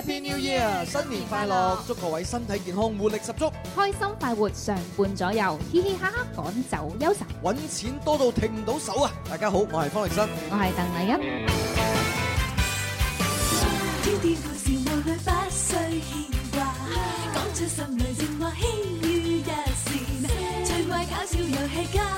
Happy New Year！新年快樂，祝各位身體健康，活力十足，開心快活，上半左右，嘻嘻哈哈趕走憂愁，揾錢多到停唔到手啊！大家好，我係方力申，我係鄧麗欣。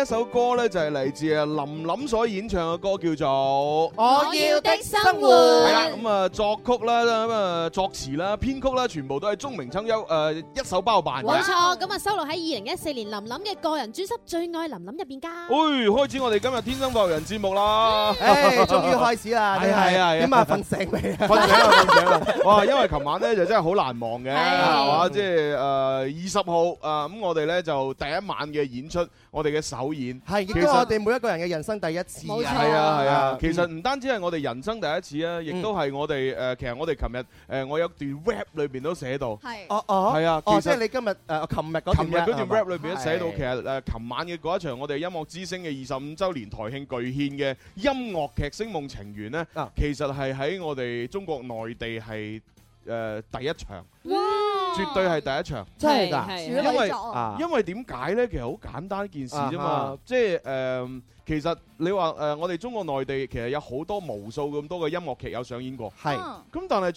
一首歌咧，就係嚟自，啊林琳所演唱嘅歌叫做《我要的生活》。係啦，咁啊作曲啦，咁啊作詞啦，編曲啦，全部都係鍾明青優誒一手包辦嘅。冇錯，咁啊收錄喺二零一四年林琳嘅個人專輯《最愛林琳》入邊噶。誒，開始我哋今日天生快活人節目啦。誒，終於開始啦。係係係。咁啊，瞓醒未啊？瞓醒啦，瞓醒啦。哇，因為琴晚咧就真係好難忘嘅，係嘛？即係誒二十號誒咁我哋咧就第一晚嘅演出，我哋嘅首。表演係，亦都係我哋每一個人嘅人生第一次。係啊係啊，其實唔單止係我哋人生第一次啊，亦都係我哋誒，其實我哋琴日誒，我有段 rap 裏邊都寫到係哦哦，係啊，哦，即係你今日誒，琴日嗰段 rap，嗰段 rap 裏邊都寫到，其實誒，琴晚嘅嗰一場我哋音樂之聲嘅二十五周年台慶巨獻嘅音樂劇《聲夢情緣》咧，其實係喺我哋中國內地係誒第一場。絕對係第一場，真係噶，但因為、啊、因為點解呢？其實好簡單一件事啫嘛，即係誒，其實你話誒、呃，我哋中國內地其實有好多無數咁多嘅音樂劇有上演過，係是，咁是但係。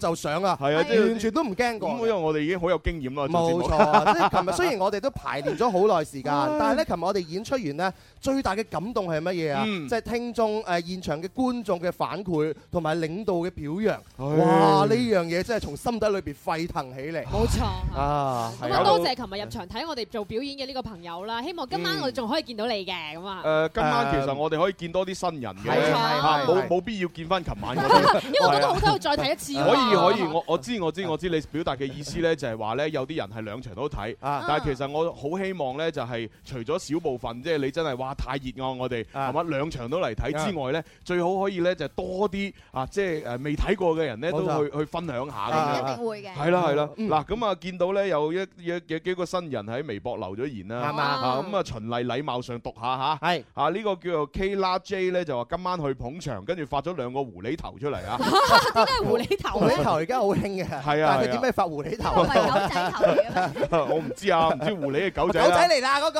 就上啊！係啊，完全都唔驚過。咁因為我哋已經好有經驗啦。冇錯，即係琴日雖然我哋都排練咗好耐時間， 但係咧，琴日 我哋演出完咧。最大嘅感動係乜嘢啊？即係聽眾誒現場嘅觀眾嘅反饋同埋領導嘅表揚哇！呢樣嘢真係從心底裏邊沸騰起嚟。冇錯啊！咁啊，多謝琴日入場睇我哋做表演嘅呢個朋友啦。希望今晚我哋仲可以見到你嘅。咁啊，誒今晚其實我哋可以見多啲新人嘅，冇冇必要見翻琴晚。因為我覺得好睇，要再睇一次。可以可以，我我知我知我知，你表達嘅意思咧就係話咧有啲人係兩場都睇，啊，但係其實我好希望咧就係除咗小部分，即係你真係話。太熱愛我哋係嘛兩場都嚟睇之外咧，最好可以咧就多啲啊，即係誒未睇過嘅人咧都去去分享下嘅，一定會嘅。係啦係啦，嗱咁啊見到咧有一一有幾個新人喺微博留咗言啦，啱啱，咁啊循例禮貌上讀下嚇係啊呢個叫做 K 拉 J 咧就話今晚去捧場，跟住發咗兩個狐狸頭出嚟啊！啲咩狐狸頭？狐狸頭而家好興嘅，係啊！但係佢點解發狐狸頭啊？狗仔頭，我唔知啊，唔知狐狸嘅狗仔。狗仔嚟啦嗰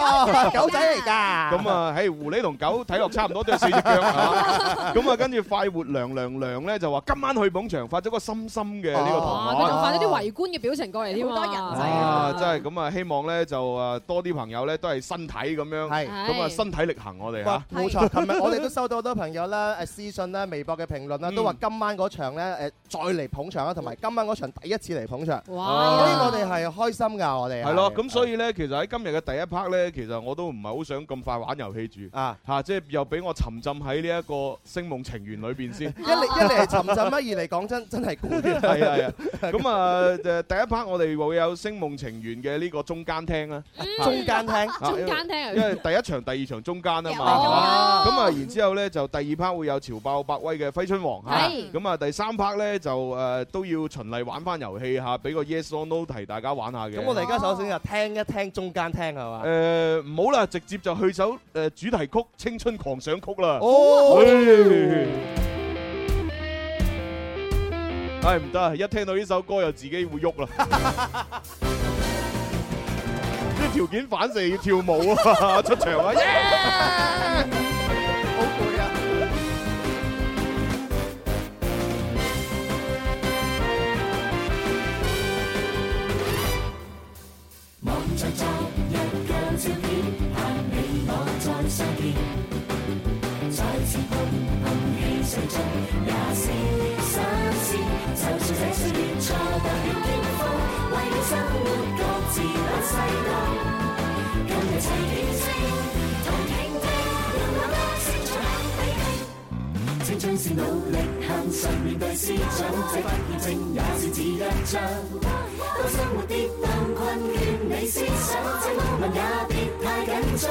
個，狗仔嚟㗎。咁啊～啊！喺狐狸同狗睇落差唔多，都係四隻腳嚇。咁啊，跟住快活涼涼涼咧就話今晚去捧場，發咗個心心嘅呢個圖。哦，都發咗啲圍觀嘅表情過嚟，好多人啊！啊，真係咁啊！希望咧就啊多啲朋友咧都係身體咁樣，咁啊身體力行我哋嚇。冇錯，琴日我哋都收到好多朋友咧誒私信咧、微博嘅評論啦，都話今晚嗰場咧誒再嚟捧場啦，同埋今晚嗰場第一次嚟捧場。哇！所以我哋係開心㗎，我哋係咯。咁所以咧，其實喺今日嘅第一 part 咧，其實我都唔係好想咁快玩遊。住啊嚇、啊！即係又俾我沉浸喺呢一個聲夢情緣裏邊先 一。一嚟一嚟係沉浸乜？二嚟講真真係古典。係啊係啊。咁啊，第一 part 我哋會有聲夢情緣嘅呢個中間廳啊。中間廳，中間廳因為第一場、第二場中間啊嘛。咁、哦、啊，然之後咧就第二 part 會有潮爆百威嘅揮春王嚇。咁啊、嗯嗯，第三 part 咧就誒、啊、都要循例玩翻遊戲嚇，俾個 Yes or No 提大家玩下嘅。咁我哋而家首先就聽一聽中間廳係嘛？誒唔、啊、好啦，直接就去首主題曲《青春狂想曲》啦，哦，唉唔得，一聽到呢首歌又自己會喐啦，啲條件反射要跳舞啊，出場啊，好攰啊。相見，再次碰碰面，想盡也是心酸。就算這歲月錯得了天荒，為了生活各自闖世道，今日齊見證同聽聽有幾多精彩比拼。青春是努力向上，面對思想，這不見證也是紙一張。當生活跌宕困倦，你思想再污穢也別太緊張。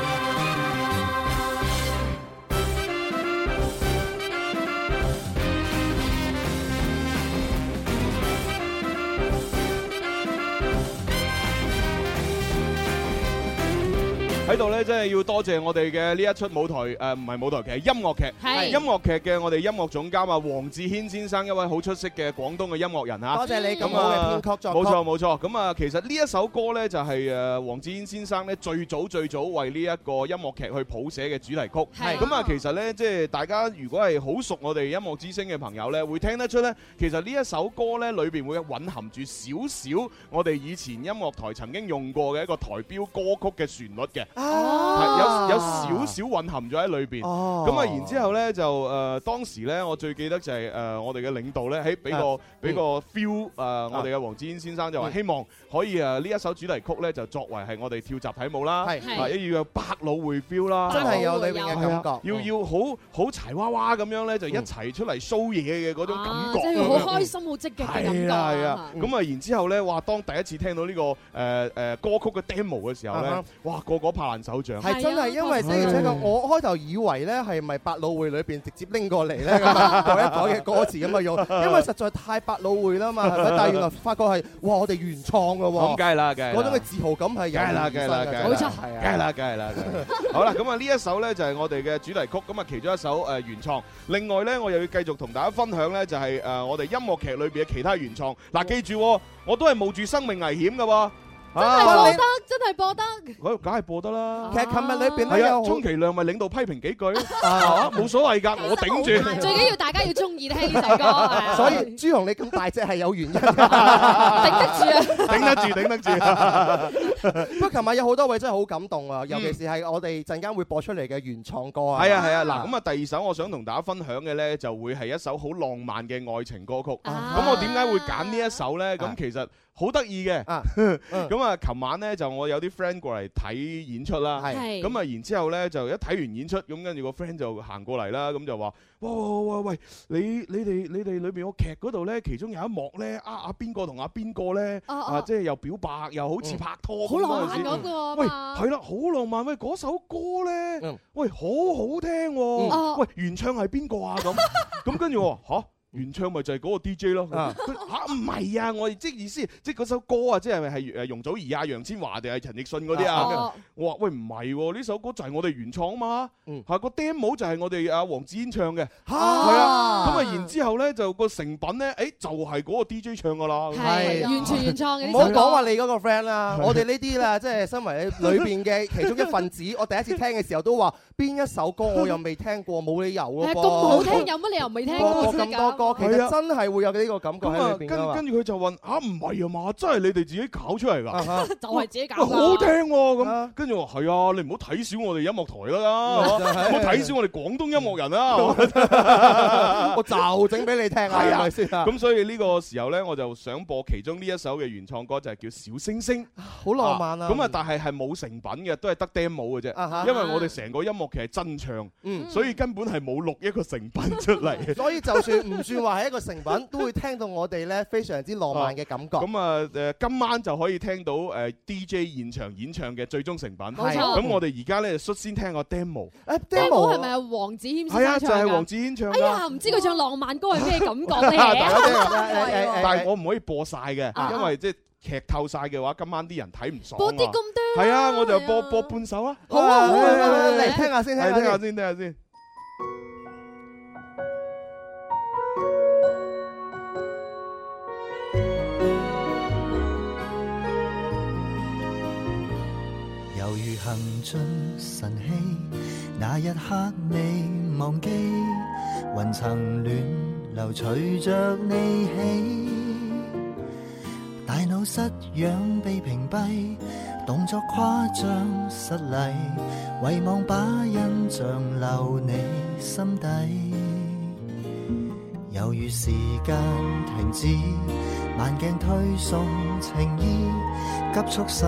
喺度咧，真係要多謝我哋嘅呢一出舞台誒，唔係舞台劇，係音樂劇。係音樂劇嘅我哋音樂總監啊，黃志軒先生一位好出色嘅廣東嘅音樂人啊！多謝你咁好嘅編曲作曲。冇錯冇錯，咁啊，其實呢一首歌咧，就係誒黃志軒先生咧最早最早為呢一個音樂劇去譜寫嘅主題曲。係咁啊，其實咧，即係大家如果係好熟我哋音樂之星嘅朋友咧，會聽得出咧，其實呢一首歌咧裏邊會有蘊含住少少我哋以前音樂台曾經用過嘅一個台標歌曲嘅旋律嘅。哦，有有少少蘊含咗喺裏邊，咁啊，然之後咧就誒，當時咧我最記得就係誒，我哋嘅領導咧喺俾個俾個 feel，誒，我哋嘅黃子軒先生就話希望可以誒呢一首主題曲咧就作為係我哋跳集體舞啦，係啊，要有百老匯 feel 啦，真係有裡邊嘅感覺，要要好好柴娃娃咁樣咧就一齊出嚟 show 嘢嘅嗰種感覺，即係好開心好積極嘅感覺，係啊係啊，咁啊，然之後咧話當第一次聽到呢個誒誒歌曲嘅 demo 嘅時候咧，哇個個拍。扮手杖，係真係，因為呢個我開頭以為咧係咪百老匯裏邊直接拎過嚟咧，改一改嘅歌詞咁嘅用，因為實在太百老匯啦嘛，但係原來發覺係，哇，我哋原創噶，咁梗係啦，嗰種嘅自豪感係，梗係啦，梗係啦，梗係啦，梗係啦，好啦，咁啊呢一首咧就係我哋嘅主題曲，咁啊其中一首誒原創，另外咧我又要繼續同大家分享咧就係誒我哋音樂劇裏邊嘅其他原創，嗱記住，我都係冒住生命危險噶。啊！播得，真係播得，嗰度梗係播得啦。其實琴日你喺邊，係啊，充其量咪領導批評幾句啊，冇所謂㗎，我頂住。最緊要大家要中意呢首歌。所以朱紅你咁大隻係有原因㗎。頂得住啊！頂得住，頂得住。不過琴日有好多位真係好感動啊，尤其是係我哋陣間會播出嚟嘅原創歌啊。係啊，係啊，嗱，咁啊，第二首我想同大家分享嘅咧，就會係一首好浪漫嘅愛情歌曲。咁我點解會揀呢一首咧？咁其實。好得意嘅，咁啊，琴晚咧就我有啲 friend 過嚟睇演出啦，咁啊，然之後咧就一睇完演出，咁跟住個 friend 就行過嚟啦，咁就話，哇哇喂，你你哋你哋裏邊個劇嗰度咧，其中有一幕咧，啊啊邊個同阿邊個咧，啊即係又表白又好似拍拖，好浪漫，喂，係啦，好浪漫，喂，嗰首歌咧，喂，好好聽喎，喂，原唱係邊個啊？咁，咁跟住我原唱咪就係嗰個 DJ 咯，嚇唔係啊！我哋即意思即嗰首歌啊，即係咪係誒容祖兒啊、楊千嬅定係陳奕迅嗰啲啊？我話喂，唔係喎，呢首歌就係我哋原創啊嘛！嚇個 demo 就係我哋阿黃子韻唱嘅，係啊咁啊！然之後咧就個成品咧，誒就係嗰個 DJ 唱噶啦，係完全原創嘅。唔好講話你嗰個 friend 啦，我哋呢啲啦，即係身為裏邊嘅其中一份子，我第一次聽嘅時候都話邊一首歌我又未聽過，冇理由啊。咁好聽有乜理由未聽過咁多？係啊，真係會有呢個感覺，跟跟住佢就問：啊，唔係啊嘛？真係你哋自己搞出嚟㗎？就係自己搞，好聽喎！咁跟住我係啊！你唔好睇小我哋音樂台啦，唔好睇小我哋廣東音樂人啦！我就整俾你聽啊！係先啊？咁所以呢個時候咧，我就想播其中呢一首嘅原創歌，就係叫《小星星》，好浪漫啊！咁啊，但係係冇成品嘅，都係得 demo 嘅啫。因為我哋成個音樂劇係真唱，所以根本係冇錄一個成品出嚟。所以就算唔算話係一個成品，都會聽到我哋咧非常之浪漫嘅感覺。咁啊誒，今晚就可以聽到誒 DJ 現場演唱嘅最終成品。冇錯，咁我哋而家咧率先聽個 demo。demo 係咪黃子謙先唱㗎？係啊，就係黃子謙唱。哎呀，唔知佢唱浪漫歌係咩感覺。但係我唔可以播晒嘅，因為即係劇透晒嘅話，今晚啲人睇唔爽。播啲咁多？係啊，我就播播半首啊。好，啊，嚟聽下先，聽下先，聽下先。曾進晨曦，那一刻未忘記，雲層暖流隨着你起，大腦失氧被屏蔽，動作誇張失禮，遺忘把印象留你心底，猶如時間停止，慢鏡推送情意，急促心。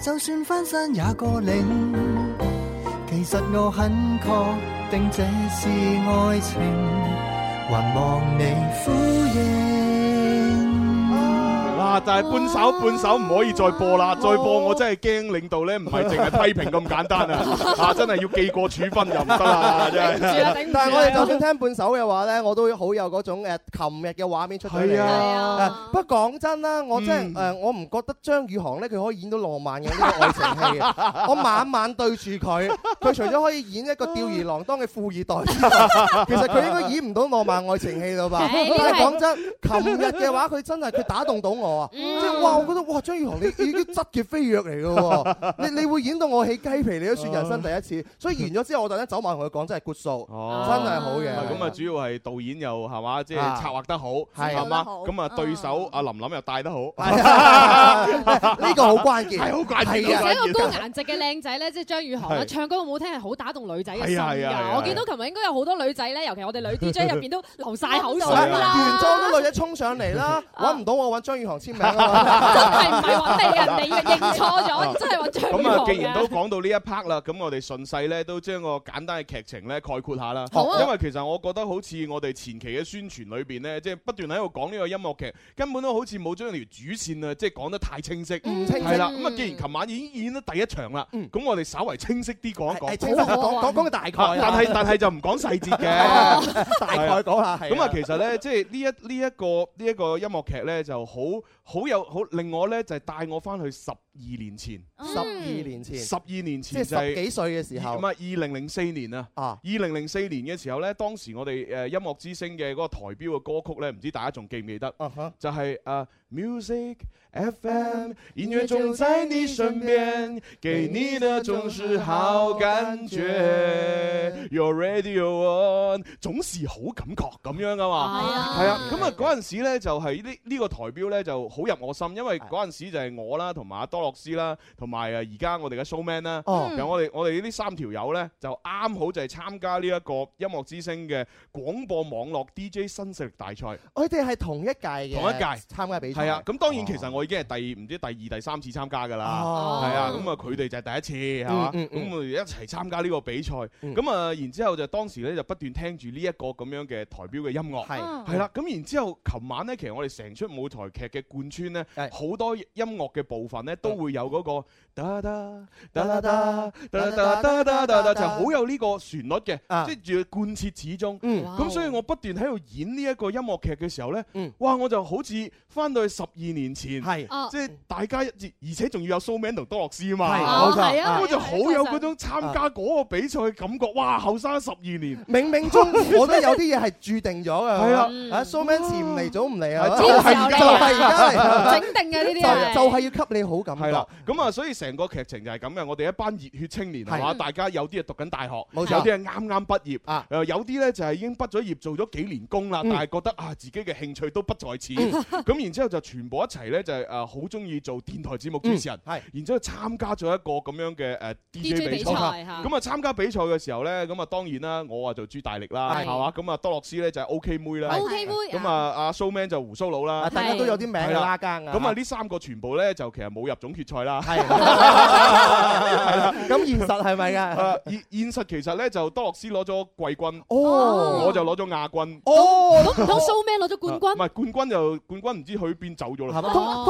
就算翻山也過嶺，其實我很確定這是愛情，還望你呼應。啊！但係半首半首唔可以再播啦，再播我真係驚領導咧，唔係淨係批評咁簡單啊！啊，真係要記過處分又唔得啦。頂唔住啦，頂唔住。但係我哋就算聽半首嘅話咧，我都會好有嗰種誒琴日嘅畫面出嚟。係啊，不過講真啦，我真係誒我唔覺得張宇航咧，佢可以演到浪漫嘅呢個愛情戲。我晚晚對住佢，佢除咗可以演一個吊兒郎當嘅富二代之外，其實佢應該演唔到浪漫愛情戲咯吧？但係講真，琴日嘅話，佢真係，佢打動到我。即係哇，我覺得哇，張宇航你已經質嘅飛躍嚟嘅喎，你你會演到我起雞皮，你都算人生第一次。所以完咗之後，我突然間走埋同佢講真係 good show 真係好嘅。咁啊，主要係導演又係嘛，即係策劃得好，係嘛？咁啊，對手阿林林又帶得好，呢個好關鍵，好關鍵。而且一個高顏值嘅靚仔咧，即係張宇航唱歌好聽，係好打動女仔嘅心。我見到琴日應該有好多女仔咧，尤其我哋女 DJ 入邊都流晒口水啦。原裝啲女仔衝上嚟啦，揾唔到我揾張宇航先。真係唔係話咩？人哋認錯咗，真係話退路啊！咁啊，既然都講到呢一 part 啦，咁我哋順勢咧，都將個簡單嘅劇情咧概括下啦。好，因為其實我覺得好似我哋前期嘅宣傳裏邊咧，即係不斷喺度講呢個音樂劇，根本都好似冇將條主線啊，即係講得太清晰，唔清晰啦。咁啊，既然琴晚已經演咗第一場啦，咁我哋稍微清晰啲講一講，講講個大概。但係但係就唔講細節嘅，大概講下係。咁啊，其實咧，即係呢一呢一個呢一個音樂劇咧，就好。好有好另外呢就係帶我翻去十二年前，十二、嗯、年前，十二、嗯、年前即係十幾歲嘅時候，咁係二零零四年啊，二零零四年嘅時候呢，當時我哋誒、uh, 音樂之星嘅嗰個台標嘅歌曲呢，唔知大家仲記唔記得？Uh huh. 就係、是、誒、uh, music。F.M. 音樂總在你身邊，給你的總是好感覺。You're radio you on，總是好感覺咁樣噶嘛？係、哎、呀啊，係啊。咁啊嗰陣時咧，就係呢呢個台標咧，就好入我心，因為嗰陣時就係我啦，同埋阿多樂斯啦，同埋誒而家我哋嘅 Showman 啦。哦，有、嗯、我哋我哋呢三條友咧，就啱好就係參加呢一個音樂之星嘅廣播網絡 D.J. 新勢力大賽。我哋係同一屆嘅，同一屆參加比賽。係啊，咁當然其實我。我已經係第唔知第二、第三次參加噶啦，係啊，咁啊佢哋就係第一次係嘛，咁我哋一齊參加呢個比賽，咁啊然之後就當時咧就不斷聽住呢一個咁樣嘅台標嘅音樂，係啦，咁然之後琴晚咧，其實我哋成出舞台劇嘅貫穿咧，好多音樂嘅部分咧都會有嗰個，噠噠噠噠噠噠噠噠噠噠噠，就好有呢個旋律嘅，即係要貫徹始終。咁所以我不斷喺度演呢一個音樂劇嘅時候咧，哇！我就好似翻到去十二年前。係，即係大家而且仲要有蘇明同多樂師啊嘛，咁啊就好有嗰種參加嗰個比賽嘅感覺。哇，後生十二年，冥冥中我覺得有啲嘢係注定咗嘅。係啊，啊蘇明遲唔嚟，早唔嚟啊，就係而家，就係而家整定嘅呢啲就係要給你好感覺。係啦，咁啊，所以成個劇情就係咁嘅。我哋一班熱血青年啊，大家有啲啊讀緊大學，有啲啊啱啱畢業，誒，有啲咧就係已經畢咗業做咗幾年工啦，但係覺得啊自己嘅興趣都不在此，咁然之後就全部一齊咧就。誒，好中意做電台節目主持人，係，然之後參加咗一個咁樣嘅誒 DJ 比賽，咁啊參加比賽嘅時候咧，咁啊當然啦，我啊就朱大力啦，係嘛，咁啊多樂斯咧就 OK 妹啦，OK 妹，咁啊阿 Showman 就胡鬚佬啦，大家都有啲名啊，拉更，咁啊呢三個全部咧就其實冇入總決賽啦，係，係啦，咁現實係咪噶？現現實其實咧就多樂斯攞咗季軍，哦，我就攞咗亞軍，哦，咁唔通 Showman 攞咗冠軍？唔係冠軍就冠軍，唔知去邊走咗啦，係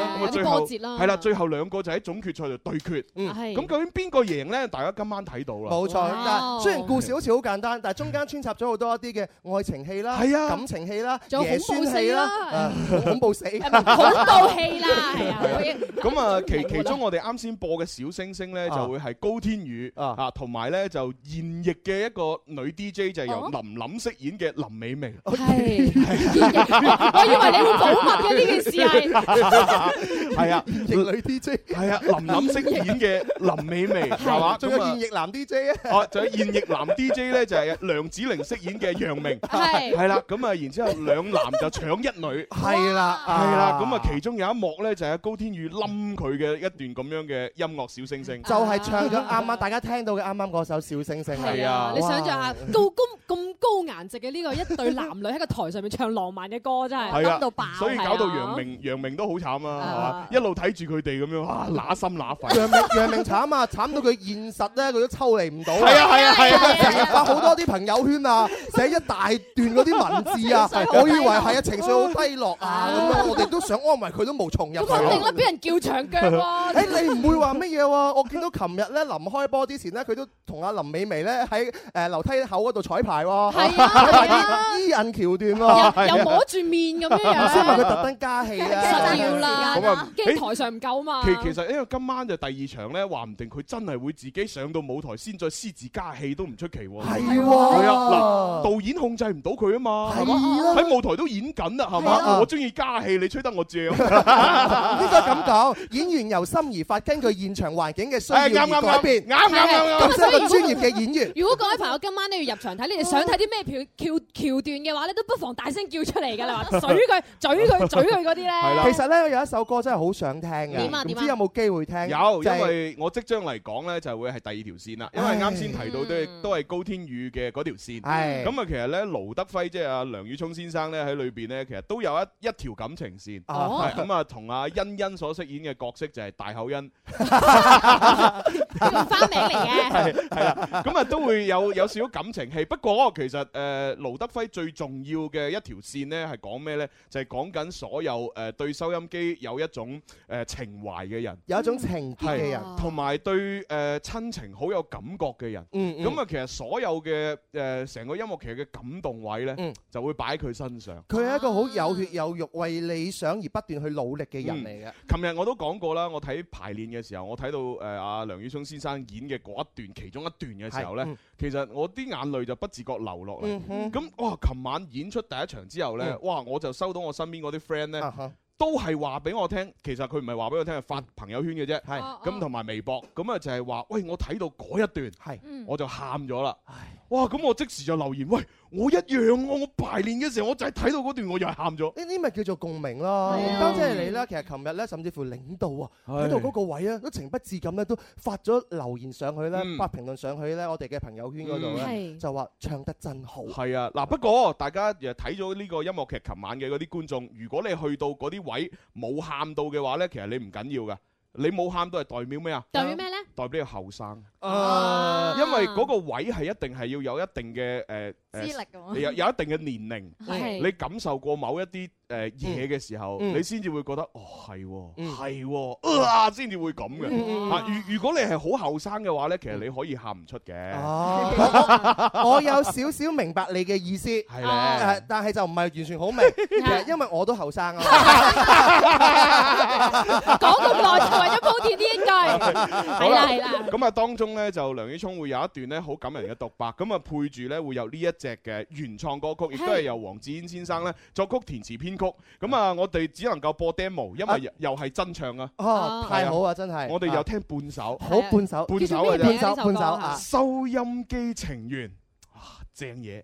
咁啊，最波折啦，係啦，最後兩個就喺總決賽度對決。嗯，咁究竟邊個贏咧？大家今晚睇到啦。冇錯，但雖然故事好似好簡單，但係中間穿插咗好多一啲嘅愛情戲啦、感情戲啦、仲有野酸戲啦、恐怖死、恐怖戲啦，係啊。咁啊，其其中我哋啱先播嘅小星星咧，就會係高天宇啊，同埋咧就現役嘅一個女 DJ 就由林琳飾演嘅林美明。係，我以為你會保密嘅呢件事係。係啊，現女 DJ 係啊，林琳飾演嘅林美媚係嘛，仲有現役男 DJ 啊，哦，仲有現役男 DJ 咧就係梁子玲飾演嘅楊明，係係啦，咁啊然之後兩男就搶一女，係啦係啦，咁啊其中有一幕咧就係高天宇冧佢嘅一段咁樣嘅音樂小星星，就係唱咗啱啱大家聽到嘅啱啱嗰首小星星，係啊，你想象下咁高咁高顏值嘅呢個一對男女喺個台上面唱浪漫嘅歌真係喺度爆，所以搞到楊明楊明都好慘啊！Uh, 一路睇住佢哋咁樣，哇、啊！乸心乸肺，楊明楊明慘啊！慘到佢現實咧，佢都抽離唔到。係啊係啊係啊！成日發好多啲朋友圈啊，寫一大段嗰啲文字啊， 我以為係啊情緒好低落啊咁、啊、樣，我哋都想安慰佢都冇從入、啊。手。唔確定啦，俾人叫長腳喎、啊 哎！你唔會話乜嘢喎？我見到琴日咧臨開波之前咧，佢都同阿林美眉咧喺誒樓梯口嗰度彩排喎。係啊！ 伊人橋段喎、啊， 又摸住面咁樣。先問佢特登加戲啊！啦。咁啊！喺台上唔夠嘛？其其實因為今晚就第二場咧，話唔定佢真係會自己上到舞台先再私自加戲都唔出奇喎。係喎，嗱，導演控制唔到佢啊嘛。係咯，喺舞台都演緊啦，係嘛？我中意加戲，你吹得我正。應該咁講，演員由心而發，根據現場環境嘅需要而改變。啱啱啱啱，咁啊，所以一個專業嘅演員。如果各位朋友今晚咧要入場睇，你哋想睇啲咩橋橋橋段嘅話咧，都不妨大聲叫出嚟㗎。你話嘴佢、嘴佢、嘴佢嗰啲咧。係啦，其實咧有一首歌真係好想聽嘅，唔知有冇機會聽？有，因為我即將嚟講呢，就會係第二條線啦。因為啱先提到都係都係高天宇嘅嗰條線。係咁啊，其實呢，盧德輝即係阿梁宇聰先生呢，喺裏邊呢，其實都有一一條感情線。哦，咁啊，同阿欣欣所飾演嘅角色就係大口欣，唔翻嚟嘅。係係啦，咁啊都會有有少少感情戲。不過其實誒，盧德輝最重要嘅一條線呢係講咩呢？就係講緊所有誒對收音機。有一種誒、呃、情懷嘅人，有一種情結嘅人，同埋對誒、呃、親情好有感覺嘅人嗯。嗯，咁啊，其實所有嘅誒成個音樂劇嘅感動位呢，嗯、就會擺喺佢身上。佢係一個好有血有肉、為理想而不斷去努力嘅人嚟嘅。琴日、嗯、我都講過啦，我睇排練嘅時候，我睇到誒阿、呃、梁宇松先生演嘅嗰一段其中一段嘅時候呢，嗯、其實我啲眼淚就不自覺流落嚟。咁、嗯、哼哇，琴晚演出第一場之後呢，哇，我就收到我身邊嗰啲 friend 咧。都係話俾我聽，其實佢唔係話俾我聽，係發朋友圈嘅啫，係咁同埋微博，咁啊就係話，喂，我睇到嗰一段，係是，我就喊咗啦，唉哇，咁我即時就留言，喂。我一樣喎、啊！我排練嘅時候，我就係睇到嗰段，我又係喊咗。呢啲咪叫做共鳴啦！多謝 你啦。其實琴日咧，甚至乎領導啊，喺度嗰個位啊，都情不自禁咧，都發咗留言上去咧，嗯、發評論上去咧，我哋嘅朋友圈嗰度咧，嗯、就話唱得真好。係啊！嗱，不過大家睇咗呢個音樂劇，琴晚嘅嗰啲觀眾，如果你去到嗰啲位冇喊到嘅話咧，其實你唔緊要噶。你冇喊都係代表咩啊？代表咩咧？代表後生。啊，因為嗰個位係一定係要有一定嘅，誒資歷，有有一定嘅年齡，你感受過某一啲誒嘢嘅時候，你先至會覺得哦，係，係啊，先至會咁嘅。啊，如如果你係好後生嘅話咧，其實你可以喊唔出嘅。我有少少明白你嘅意思，係咪？但係就唔係完全好明，因為我都後生啊。講咁耐就為咗鋪墊呢一句，係啦係啦。咁啊當中。咧就梁宇聰會有一段咧好感人嘅獨白，咁啊配住咧會有呢一隻嘅原創歌曲，亦都係由黃智英先生咧作曲填詞編曲。咁啊，我哋只能夠播 demo，因為又係真唱啊！啊，太好啊，真係，我哋又聽半首，好半首，半首嘅啫，半首半首半首半首，收音機情緣，哇，正嘢。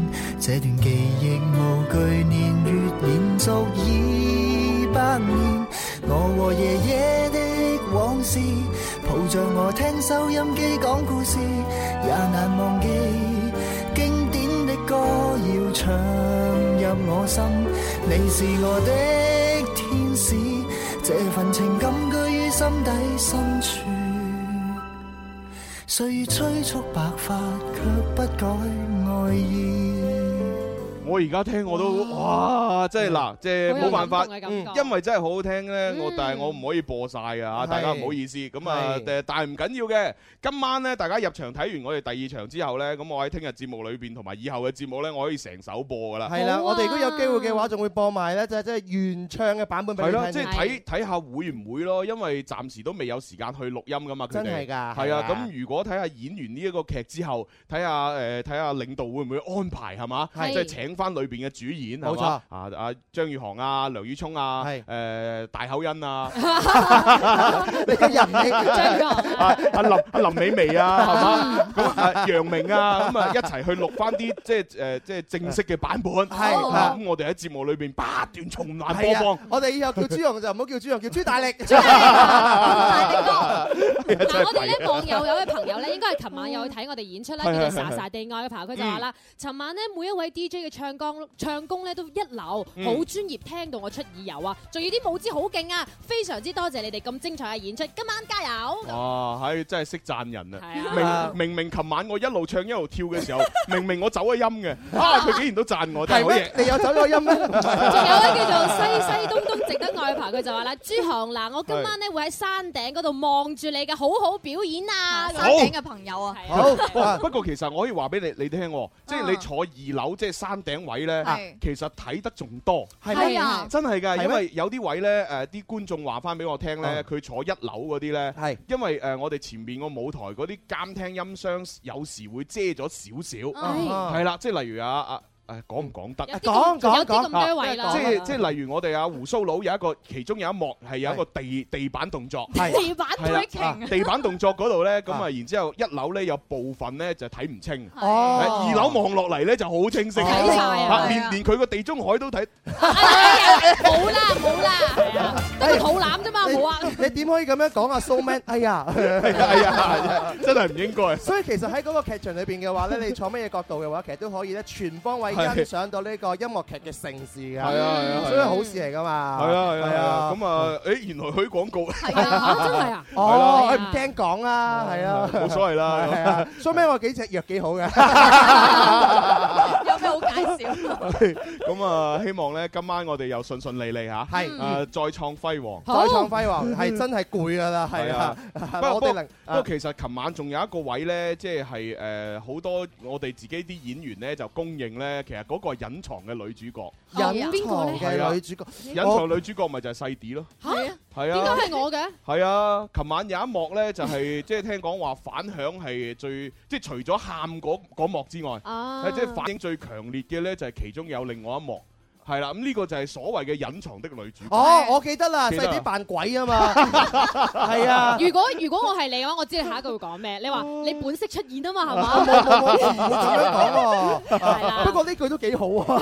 這段記憶無懼年月延續二百年，我和爺爺的往事，抱著我聽收音機講故事，也難忘記經典的歌謠唱入我心。你是我的天使，這份情感居於心底深處，歲月催促白髮，卻不改愛意。我而家聽我都哇，即係嗱，即係冇辦法，因為真係好好聽咧。我但係我唔可以播晒㗎吓，大家唔好意思。咁啊，但係唔緊要嘅。今晚咧，大家入場睇完我哋第二場之後咧，咁我喺聽日節目裏邊同埋以後嘅節目咧，我可以成首播㗎啦。係啦，我哋如果有機會嘅話，仲會播埋咧，就係即係原唱嘅版本畀你聽。係咯，即係睇睇下會唔會咯，因為暫時都未有時間去錄音㗎嘛。真係㗎。係啊，咁如果睇下演完呢一個劇之後，睇下誒，睇下領導會唔會安排係嘛，即係請。翻裏邊嘅主演冇錯？啊啊張宇航啊、梁宇聰啊、誒大口恩啊，你嘅人氣張宇航啊林啊林美薇啊，係嘛？咁啊楊明啊，咁啊一齊去錄翻啲即係誒即係正式嘅版本係。咁我哋喺節目裏邊不斷重複播放。我哋以後叫朱紅就唔好叫朱紅，叫朱大力。朱大力，朱大力。咁我哋咧網友有位朋友咧，應該係琴晚又去睇我哋演出啦，佢哋撒撒地外爬，佢就話啦，琴晚咧每一位 DJ 嘅唱。唱功唱功咧都一流，好專業，聽到我出耳油啊！仲要啲舞姿好勁啊，非常之多謝你哋咁精彩嘅演出，今晚加油！哇，係真係識讚人啊！明明明琴晚我一路唱一路跳嘅時候，明明我走咗音嘅，啊佢竟然都讚我，係你有走咗音咩？仲有咧叫做西西東東值得愛吧？佢就話啦，朱航嗱，我今晚咧會喺山頂嗰度望住你嘅，好好表演啊！山頂嘅朋友啊，好！不過其實我可以話俾你你聽，即係你坐二樓，即係山頂。位咧，其實睇得仲多，係啊嗎，真係㗎，嗎因為有啲位咧，誒、呃、啲觀眾話翻俾我聽咧，佢、嗯、坐一樓嗰啲咧，係因為誒、呃、我哋前面個舞台嗰啲監聽音箱有時會遮咗少少，係啦，即係例如啊啊。講唔講得？有啲有啲咁多位啦。即係即係，例如我哋阿胡鬚佬有一個，其中有一幕係有一個地地板動作，地板睇清。地板動作嗰度咧，咁啊，然之後一樓咧有部分咧就睇唔清。哦。二樓望落嚟咧就好清晰。睇曬啊！連連佢個地中海都睇。冇啦冇啦，都個肚腩啫嘛，冇啊！你點可以咁樣講啊？Superman，哎呀，係啊係啊，真係唔應該。所以其實喺嗰個劇場裏邊嘅話咧，你坐咩嘢角度嘅話，其實都可以咧，全方位。欣賞到呢個音樂劇嘅盛事㗎，係啊，係啊，所以好事嚟噶嘛，係啊，係啊，係啊。咁啊，誒，原來佢廣告係啊，真係啊，係咯，唔聽講啦，係啊，冇所謂啦，係啊，收尾我幾隻藥幾好㗎，有咩好咁啊、 嗯，希望咧今晚我哋又順順利利嚇，係啊是、呃、再創輝煌，好再創輝煌，係真係攰噶啦，係啊。啊 不過我哋不過 其實琴晚仲有一個位咧，即係誒好多我哋自己啲演員咧就公認咧，其實嗰個隱藏嘅女主角，隱藏嘅女主角，隱藏女主角咪就係細啲咯。啊。係啊，點解係我嘅？係啊，琴晚有一幕咧，就係即係聽講話反響係最，即係除咗喊嗰嗰幕之外，係即係反應最強烈嘅咧，就係其中有另外一幕。係啦，咁呢個就係所謂嘅隱藏的女主角。哦，我記得啦，細啲扮鬼啊嘛，係啊。如果如果我係你嘅話，我知你下一句會講咩？你話你本色出現啊嘛，係嘛？不過呢句都幾好啊！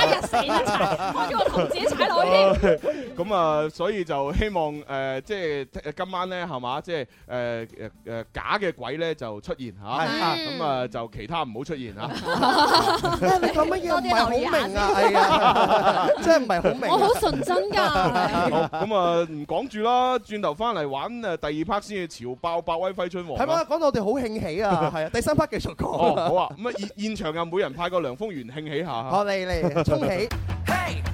一日死一場，我叫我同志踩落去。咁啊，所以就希望誒，即係今晚咧係嘛？即係誒誒誒假嘅鬼咧就出現嚇，咁啊就其他唔好出現吓。做乜嘢唔係好明啊？係 啊，真係唔係好明？我好純真㗎。咁啊唔講住啦，轉頭翻嚟玩誒第二 part 先至潮爆百威揮春王，係咪啊？講到我哋好興喜啊，係啊！第三 part 繼續講，哦。好啊。咁啊現現場有每人派個梁風源興喜下。 好，嚟嚟，沖喜。 h、hey!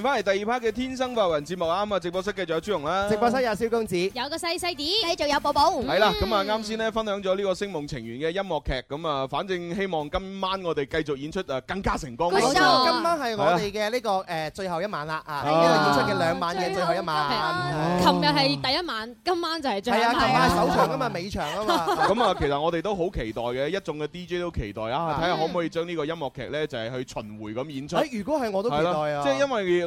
翻嚟第二 part 嘅天生快活人節目，啱啊！直播室繼續有朱容啦，直播室有蕭公子，有個細細碟，繼續有寶寶。係啦，咁啊，啱先咧，分享咗呢個《聲夢情緣》嘅音樂劇，咁啊，反正希望今晚我哋繼續演出誒，更加成功。好，今晚係我哋嘅呢個誒最後一晚啦，啊，因為演出嘅兩晚嘅最後一晚。琴日係第一晚，今晚就係最後一晚。係啊！琴晚首場啊嘛，今晚尾場啊嘛。咁啊，其實我哋都好期待嘅，一眾嘅 DJ 都期待啊，睇下可唔可以將呢個音樂劇咧，就係去巡迴咁演出。誒，如果係我都期待啊，即係因為。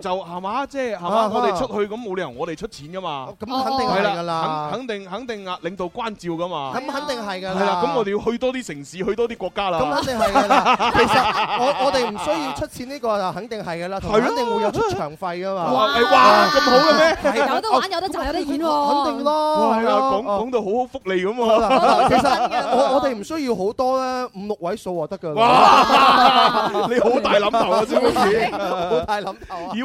就係嘛，即係係嘛，我哋出去咁冇理由我哋出錢噶嘛，咁肯定係啦，肯肯定肯定啊領導關照噶嘛，咁肯定係噶，係啦，咁我哋要去多啲城市，去多啲國家啦，咁肯定係啦。其實我我哋唔需要出錢呢個，肯定係噶啦，係肯定會有出場費噶嘛。哇，咁好嘅咩？有得玩有得賺有得演喎，肯定咯，係啦，講講到好好福利咁喎。其實我我哋唔需要好多啦，五六位數就得㗎。哇，你好大諗頭啊，真係，好大諗頭。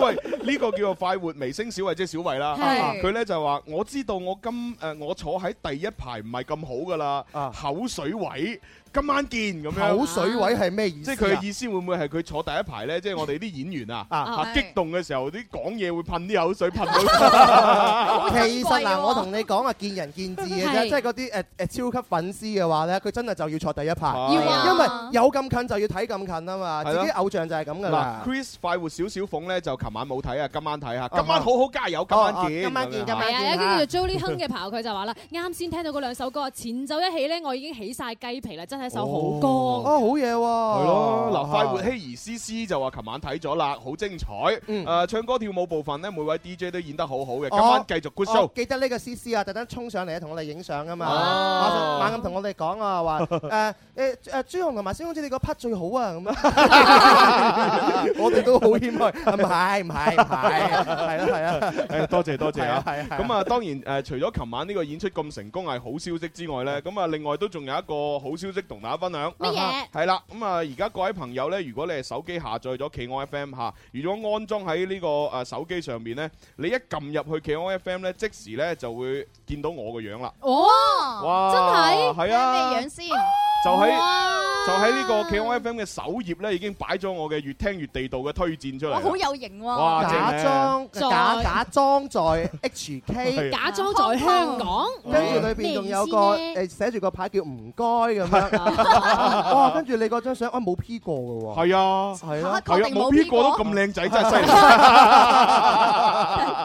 呢 個叫做快活微星小慧，即係小慧啦。佢咧、啊、就話：我知道我今誒、呃、我坐喺第一排唔係咁好噶啦，啊、口水位。今晚見。咁樣口水位係咩意思？即係佢嘅意思會唔會係佢坐第一排咧？即係我哋啲演員啊啊！激動嘅時候啲講嘢會噴啲口水，噴到多？其實嗱，我同你講啊，見仁見智嘅啫。即係嗰啲誒誒超級粉絲嘅話咧，佢真係就要坐第一排，因為有咁近就要睇咁近啊嘛。自己偶像就係咁噶啦。Chris 快活少少鳳咧就琴晚冇睇啊，今晚睇下，今晚好好加油，今晚見。今晚見，今晚有一個叫做 Jolie 亨嘅朋友，佢就話啦，啱先聽到嗰兩首歌前奏一起咧，我已經起晒雞皮啦，真係。一首好歌啊，好嘢喎！係咯，嗱，快活希兒詩詩就話琴晚睇咗啦，好精彩。誒，唱歌跳舞部分咧，每位 D J 都演得好好嘅。今晚繼續 good show。記得呢個詩詩啊，特登衝上嚟同我哋影相啊嘛。猛咁同我哋講啊，話誒誒誒，朱紅同埋蕭公子，你個 part 最好啊！咁樣我哋都好謙虛，係唔係唔係，係啊，係啊，誒，多謝多謝啊。咁啊，當然誒，除咗琴晚呢個演出咁成功係好消息之外咧，咁啊，另外都仲有一個好消息。同大家分享，乜嘢麼？係啦，咁啊，而、啊、家各位朋友呢，如果你係手機下載咗企鵝 FM 吓，如果安裝喺呢個誒手機上面呢，你一撳入去企鵝 FM 呢，即時呢就會見到我個樣啦。哦，哇，真係的，係啊。咩樣先？啊就喺就喺呢個企鵝 FM 嘅首頁咧，已經擺咗我嘅越聽越地道嘅推薦出嚟。哇，好有型哇！假裝假假裝在 H K，假裝在香港。跟住裏邊仲有個誒寫住個牌叫唔該咁樣。哇！跟住你嗰張相啊冇 P 過嘅喎。係啊，係啊，係啊，冇 P 過都咁靚仔，真係犀利！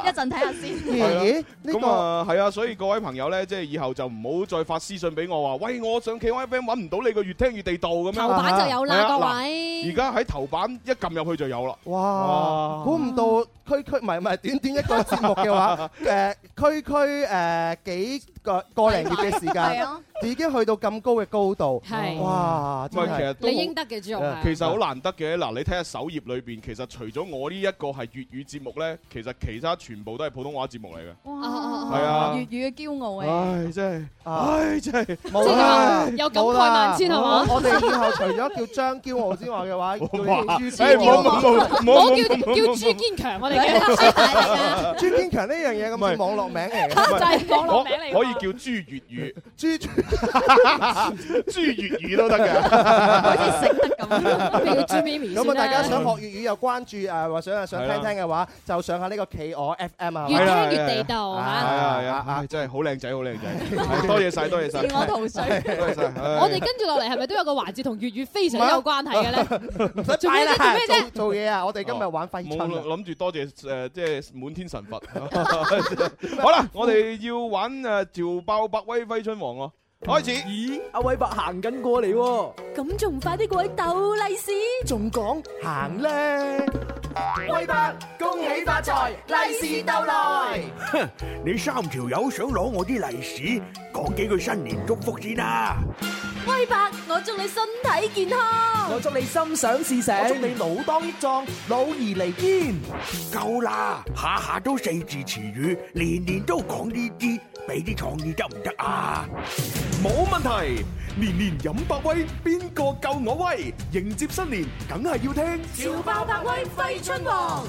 一陣睇下先。咦？呢個係啊，所以各位朋友咧，即係以後就唔好再發私信俾我話，喂，我上企鵝 FM 揾唔～到你個越聽越地道咁樣，頭版就有啦，各對位。而家喺頭版一撳入去就有啦。哇！估唔到區區唔係唔係短短一個節目嘅話，誒、 呃、區區誒、呃、幾？個個零月嘅時間，已經去到咁高嘅高度，哇！咁啊，其實你應得嘅獎，其實好難得嘅。嗱，你睇下首頁裏邊，其實除咗我呢一個係粵語節目咧，其實其他全部都係普通話節目嚟嘅。哇！係啊，粵語嘅驕傲啊！唉，真係，唉，真係，真係又感慨萬千係嘛？我哋之後除咗叫張驕傲之外嘅話，叫朱堅強，唔好叫叫朱堅強，我哋嘅朱堅強呢樣嘢咁咪網絡名嚟嘅，係網絡名嚟。叫豬粵語，豬豬粵語都得㗎，可以食得咁。叫豬咪咪先啦。咁啊，大家想學粵語又關注啊，或想啊想聽聽嘅話，就上下呢個企鵝 FM 啊。越聽越地道嚇。係啊係啊啊！真係好靚仔，好靚仔。多謝晒，多謝晒。我吐水。我哋跟住落嚟係咪都有個環節同粵語非常有關係嘅咧？做咩啫？做嘢啊！我哋今日玩廢，冇諗住多謝誒，即係滿天神佛。好啦，我哋要玩誒。笑爆百威輝春王哦！開始咦，阿威伯行緊過嚟，咁仲唔快啲過嚟斗利是？仲講行咧？威伯，威伯恭喜發財，利是逗來。哼，你三條友想攞我啲利是，講幾句新年祝福先啦！威伯，我祝你身體健康。我祝你心想事成。我祝你老當益壯，老而彌堅。夠啦，下下都四字詞語，年年都講呢啲，俾啲創意得唔得啊？冇問題，年年飲百威，邊個救我威？迎接新年，梗係要聽潮爆百威，揮春王。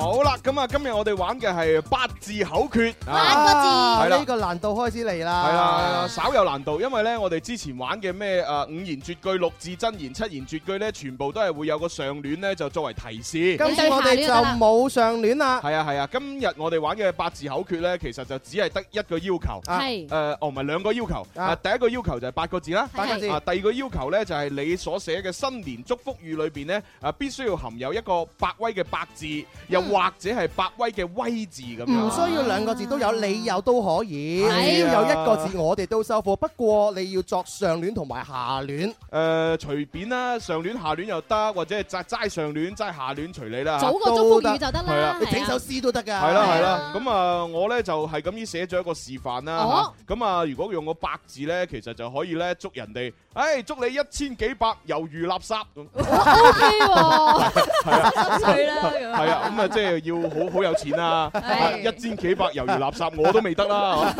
好啦，咁啊，今日我哋玩嘅係八字口訣啊，八個字，呢個難度開始嚟啦，係啊，稍有難度，因為咧，我哋之前玩嘅咩誒五言絕句、六字真言、七言絕句咧，全部都係會有個上聯咧，就作為提示。咁我哋就冇上聯啦。係啊係啊，今日我哋玩嘅八字口訣咧，其實就只係得一個要求，係誒的、啊呃，哦唔係兩個要求。啊，啊第一個要求就係八個字啦，八個字。個字啊，第二個要求咧就係你所寫嘅新年祝福語裏邊咧，啊，必須要含有一個百威嘅百字，又、嗯。或者係百威嘅威字咁，唔需要兩個字都有，你有都可以。係，要有一個字我哋都收貨。不過你要作上聯同埋下聯，誒隨便啦，上聯下聯又得，或者係齋上聯齋下聯隨你啦。早個祝福語就得啦，係啊，你整首詩都得㗎。係啦係啦，咁啊，我咧就係咁樣寫咗一個示範啦嚇。咁啊，如果用個百字咧，其實就可以咧，祝人哋，誒祝你一千幾百猶如垃圾咁。O K，係啊，真係啊，咁啊。即係要好好有錢啊！ 一千幾百猶如垃圾，我都未得啦。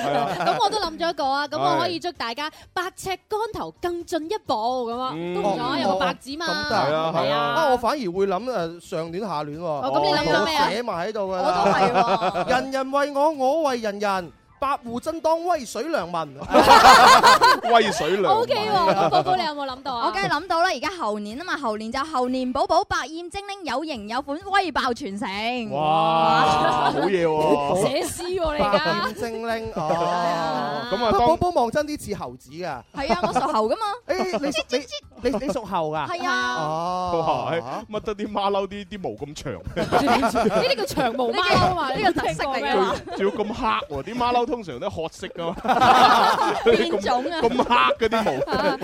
係啊，咁 的我都諗咗一個啊。咁我可以祝大家百尺竿頭更進一步咁啊，都唔錯，嗯嗯、有個八字嘛。係啊，啊的我反而會諗誒上暖下暖喎、啊。哦，咁你諗咗咩啊？寫埋喺度㗎我都係喎， 人人為我，我為人人。百戶爭當威水良民，威水良。O K，寶寶你有冇諗到啊？我梗係諗到啦！而家猴年啊嘛，猴年就猴年寶寶百厭精靈，有型有款威爆全城。哇！好嘢喎，寫詩你而家？百厭精靈。咁啊，寶寶望真啲似猴子噶。係啊，我屬猴噶嘛。誒，你你你你屬猴噶？係啊。哦，好彩乜得啲馬騮啲啲毛咁長？呢啲叫長毛馬騮啊嘛？呢個特色嚟噶。仲要咁黑喎？啲馬騮。通常都褐色噶嘛，邊種啊？咁黑嗰啲毛，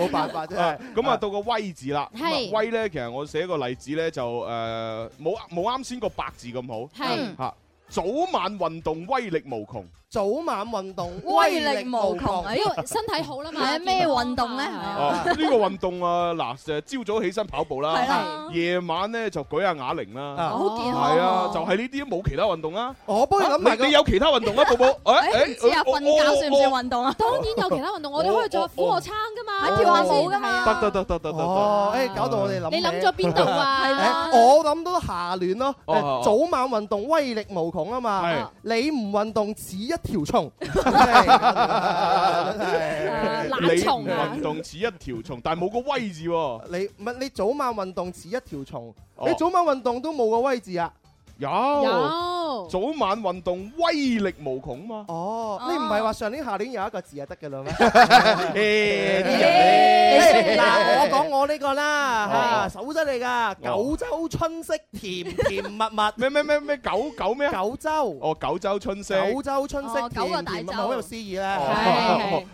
冇辦法啫。咁啊， 嗯、就到個威字啦。威咧是，其實我寫一個例子咧，就誒冇冇啱先個白字咁好。係嚇是、嗯啊，早晚運動威力無窮。早晚運動威力無窮啊，因為身體好啦嘛。咩運動咧？哦，呢個運動啊，嗱就係朝早起身跑步啦，夜晚咧就舉下啞鈴啦，好健康，係啊，就係呢啲冇其他運動啊。我幫你諗你你有其他運動啦，寶寶，誒誒，我我瞓覺算唔唔算運動啊？當然有其他運動，我哋可以做俯臥撐噶嘛，跳下舞噶嘛。得得得得得得哦！搞到我哋諗你諗咗邊度啊？我諗到下聯咯，早晚運動威力無窮啊嘛。你唔運動只一條蟲，你唔運動似一條蟲，但係冇個威字。你唔係你早晚運動似一條蟲，你早晚運動都冇個威字啊！ 有早晚運動威力無窮嘛？哦，你唔係話上年下年有一個字就得嘅嘞咩？嗱，我講我呢個啦嚇，手真係㗎，九州春色甜甜蜜蜜。咩咩咩咩？九九咩？九州哦，九州春色。九州春色甜甜蜜蜜，好有詩意咧。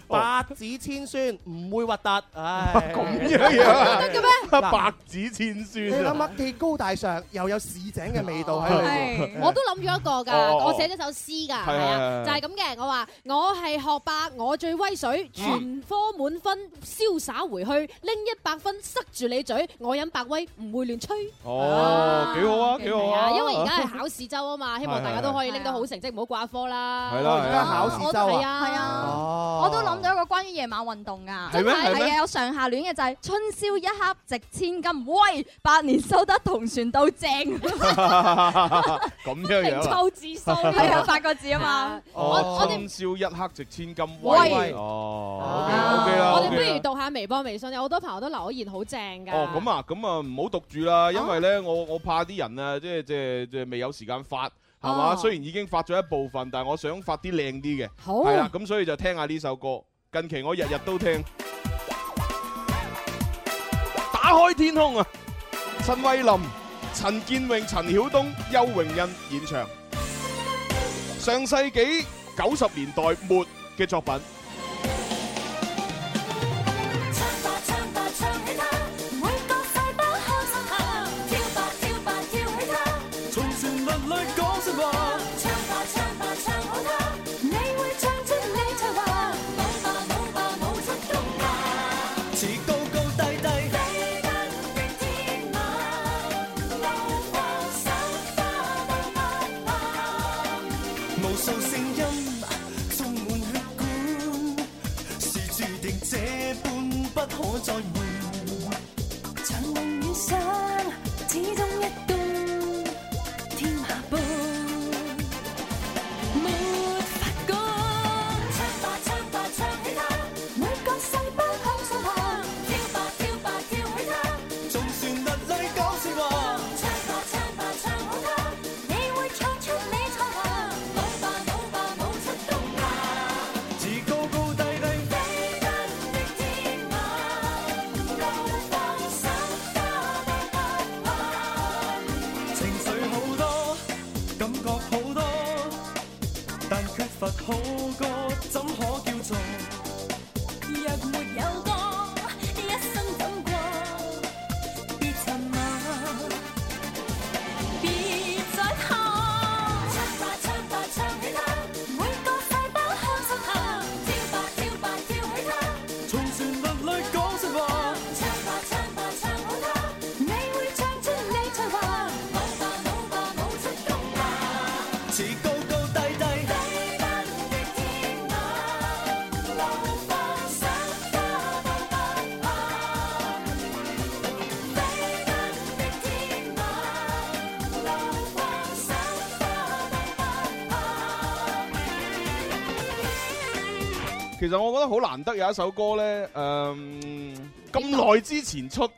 百子千孫唔會核突。唉，咁樣得嘅咩？百子千孫，你諗乜既高大上又有市井嘅味道係， 我都諗咗一個噶，oh, oh. 我寫咗首詩噶，係啊，就係咁嘅。我話我係學霸，我最威水，全科滿分，瀟灑回去，拎一百分塞住你嘴，我飲百威唔會亂吹。哦、oh, 啊，幾好啊，幾好啊，因為而家係考試周啊嘛，希望大家都可以拎到好成績，唔好掛科啦。係咯，而家考試周啊，係啊，啊啊我都諗到一個關於夜晚運動噶，係咩咧？啊，有上下聯嘅就係、是、春宵一刻值千金，喂，百年修得同船渡正。 咁樣樣，抽字數係啊，八個字啊嘛。我我哋笑一刻值千金，喂，哦，O K 啦。我哋不如讀下微博、微信，有好多朋友都留咗言，好正噶。哦，咁啊，咁啊，唔好讀住啦，因為咧，我我怕啲人啊，即係即係即係未有時間發，係嘛？雖然已經發咗一部分，但係我想發啲靚啲嘅，好，係啦。咁所以就聽下呢首歌，近期我日日都聽。打開天空啊，陳慧琳。陳建榮、陳曉東、邱榮欣演唱，上世紀九十年代末嘅作品。無數聲音充滿血管，是注定這般不可再挽。其實我覺得好難得有一首歌咧，誒咁耐之前出，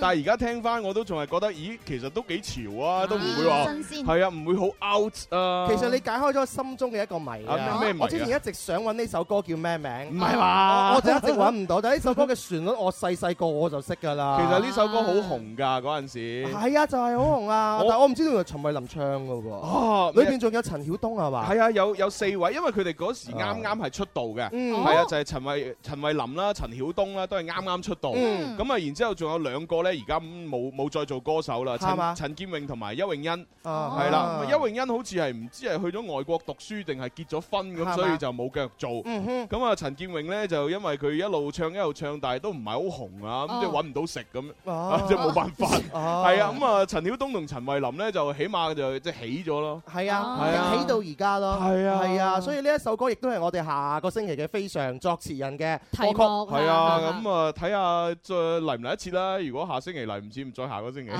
但係而家聽翻我都仲係覺得，咦，其實都幾潮啊，都唔會話，係啊，唔會好。o 其實你解開咗心中嘅一個謎啊，我之前一直想揾呢首歌叫咩名，唔係嘛？我一直揾唔到，但係呢首歌嘅旋律，我細細個我就識㗎啦。其實呢首歌好紅㗎，嗰陣時，係啊，就係好紅啊！但我唔知道係陳慧琳唱㗎喎。哦，裏邊仲有陳曉東係嘛？係啊，有有四位，因為佢哋嗰時啱啱係出道嘅，係啊，就係陳慧陳慧琳啦、陳曉東啦，都係啱啱出道。咁啊，然之後仲有兩個呢，而家冇冇再做歌手啦。係陳建永同埋邱永欣，係啦，邱永。因好似係唔知係去咗外國讀書定係結咗婚咁，所以就冇繼續做。咁啊，陳建榮呢，就因為佢一路唱一路唱，但係都唔係好紅啊，咁即係搵唔到食咁，即係冇辦法。係啊，咁啊，陳曉東同陳慧琳呢，就起碼就即係起咗咯。係啊，係起到而家咯。係啊，係啊，所以呢一首歌亦都係我哋下個星期嘅非常作詞人嘅歌曲。係啊，咁啊，睇下再嚟唔嚟一次啦。如果下星期嚟唔切，唔再下個星期。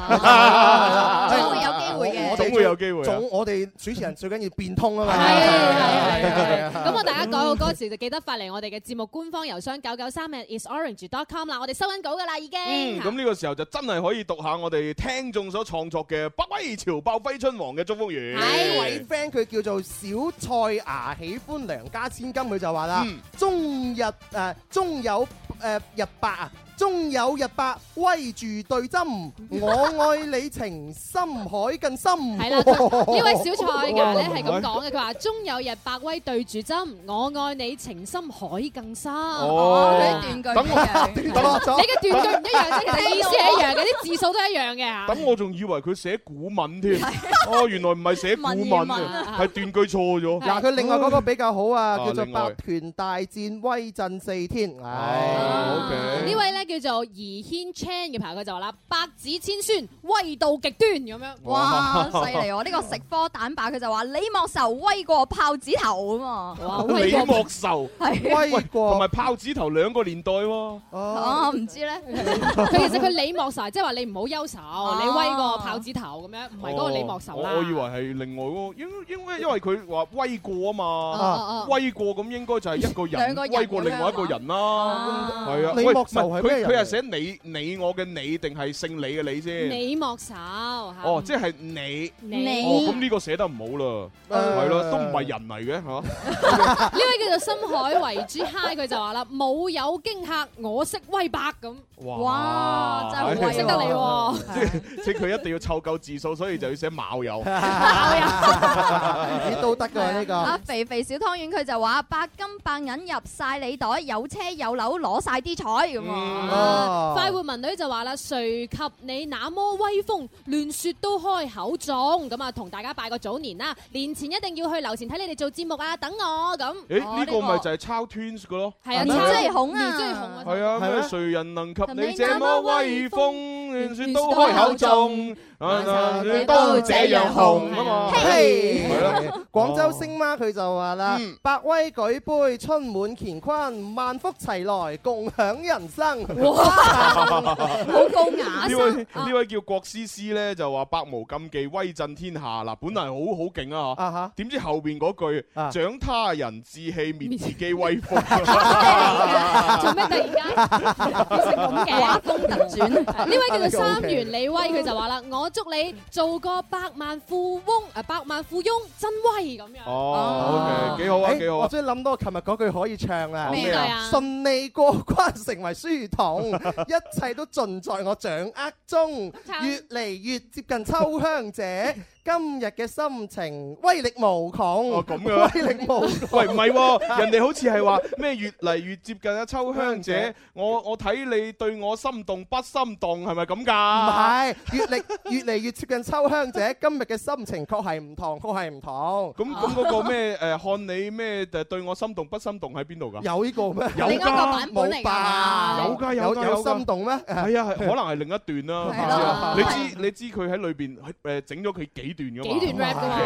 總會有機會嘅。我總會有機會。我哋主持人最緊要變通啊嘛，係係係。咁 我大家改個歌詞就記得發嚟我哋嘅節目官方郵箱九九三 at isorange dot com 嗱，我哋收緊稿噶啦已經。咁、嗯、呢、 啊、個時候就真係可以讀下我哋聽眾所創作嘅《北威潮爆揮春王》嘅祝福語。係位 friend 佢叫做小菜牙，喜歡良家千金，佢就話啦、嗯呃：，中日誒中有誒、呃、日白啊。中有日白威住對針，我愛你情深海更深。係啦，呢位小菜芽咧係咁講嘅，佢話中有日白威對住針，我愛你情深海更深。哦，呢段句唔一樣，你嘅段句唔一樣，你嘅意思係一樣嘅，啲字數都一樣嘅。等我仲以為佢寫古文添，哦，原來唔係寫古文啊，係斷句錯咗。啊，佢另外嗰個比較好啊，叫做百團大戰威震四天。呢位咧。叫做怡謙 c h a n 嘅朋友，佢就話啦：百子千孫，威到極端咁樣。哇！犀利喎，呢個食科蛋白，佢就話：李莫愁威過豹子頭咁啊！李莫愁係威過同埋豹子頭兩個年代喎。哦，唔知咧。佢其實佢李莫愁，即係話你唔好憂愁，你威過豹子頭咁樣，唔係嗰個李莫愁。我以為係另外嗰個，應應該因為佢話威過啊嘛，威過咁應該就係一個人威過另外一個人啦。係啊，李莫愁係佢係寫你你我嘅你，定係姓李嘅李先？你莫愁哦，即係你，你咁呢個寫得唔好啦，係咯，都唔係人嚟嘅吓。呢位叫做深海為豬嗨，佢就話啦：冇有驚吓，我識威伯咁。哇，真係好識得你。即係佢一定要湊夠字數，所以就要寫冇有。冇有都得噶呢個。肥肥小湯圓佢就話：百金百銀入晒你袋，有車有樓攞晒啲彩咁。快活文女就話啦：誰及你那麼威風，亂說都開口中。咁啊，同大家拜個早年啦，年前一定要去樓前睇你哋做節目啊，等我咁。誒，呢個咪就係抄 Twins 嘅咯，係啊，真係紅啊，係啊，係啊，誰人能及你那麼威風，亂說都開口中啊，都這樣紅啊嘛。廣州星媽佢就話啦：百威舉杯，春滿乾坤，萬福齊來，共享人生。哇，好高雅！呢位呢位叫郭思思咧，就話百無禁忌，威震天下嗱，本來好好勁啊，吓，點知後邊嗰句，長他人志氣，滅自己威風，做咩突然間咁勁？畫風突轉，呢位叫做三元李威，佢就話啦：，我祝你做個百萬富翁，誒，百萬富翁真威咁樣。哦，OK，幾好啊，幾好。我終於諗到，琴日嗰句可以唱啦，咩啊？順利過關，成為書堂。 一切都盡在我掌握中，Okay. 越嚟越接近秋香姐。 今日嘅心情威力無窮，威力無窮。喂，唔係，人哋好似係話咩越嚟越接近啊秋香姐，我我睇你對我心動不心動係咪咁噶？唔係，越嚟越嚟越接近秋香姐。今日嘅心情確係唔同，確係唔同。咁咁嗰個咩誒？看你咩誒？對我心動不心動喺邊度噶？有呢個咩？有噶，冇噶？有噶，有有心動咩？係啊，可能係另一段啦。你知你知佢喺裏邊誒整咗佢幾？幾段 rap 噶嘛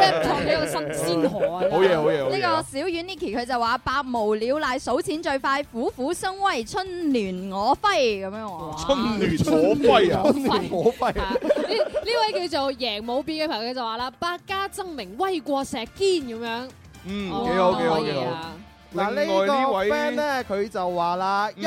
？rap 唱呢個《新鮮河》啊！好嘢，好嘢！呢個小雨 Niki 佢就話：百無聊賴數錢最快，虎虎生威春聯我揮咁樣話。春聯我揮啊！春聯我揮。呢呢位叫做贏冇變嘅朋友就話啦：百家爭鳴威過石堅咁樣。嗯，幾好幾好幾好。嗱呢個呢位咧，佢就話啦一。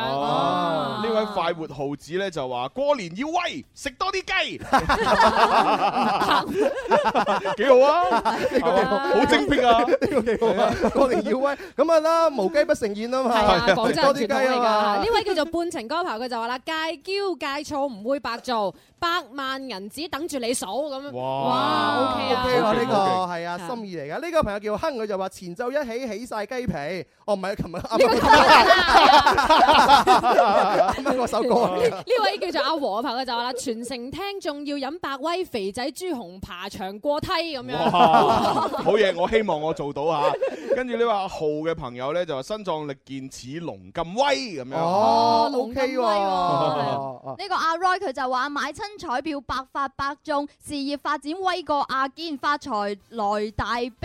哦，呢位快活耗子咧就話過年要威，食多啲雞，幾好啊！呢個好精辟啊！呢個幾好啊！過年要威，咁啊啦，無雞不成宴啊嘛，多啲雞啊嘛，呢位叫做半情歌頭，佢就話啦：戒驕戒躁，唔會白做，百萬銀紙等住你數咁。哇，OK 啊，呢個係啊心意嚟噶。呢個朋友叫亨，佢就話前奏一起起晒雞皮。哦，唔係，琴日聽嗰首歌。呢 位叫做阿和嘅朋友就話啦，全城聽眾要飲百威，肥仔朱紅爬牆過梯咁樣。哇 哇 好嘢，我希望我做到吓。跟住呢位阿浩嘅朋友咧就話，身壯力健似龍咁威咁樣。哦，龍 k 呢個阿 Roy 佢就話買親彩票百發百中，事業發展威過阿堅，發財來大啤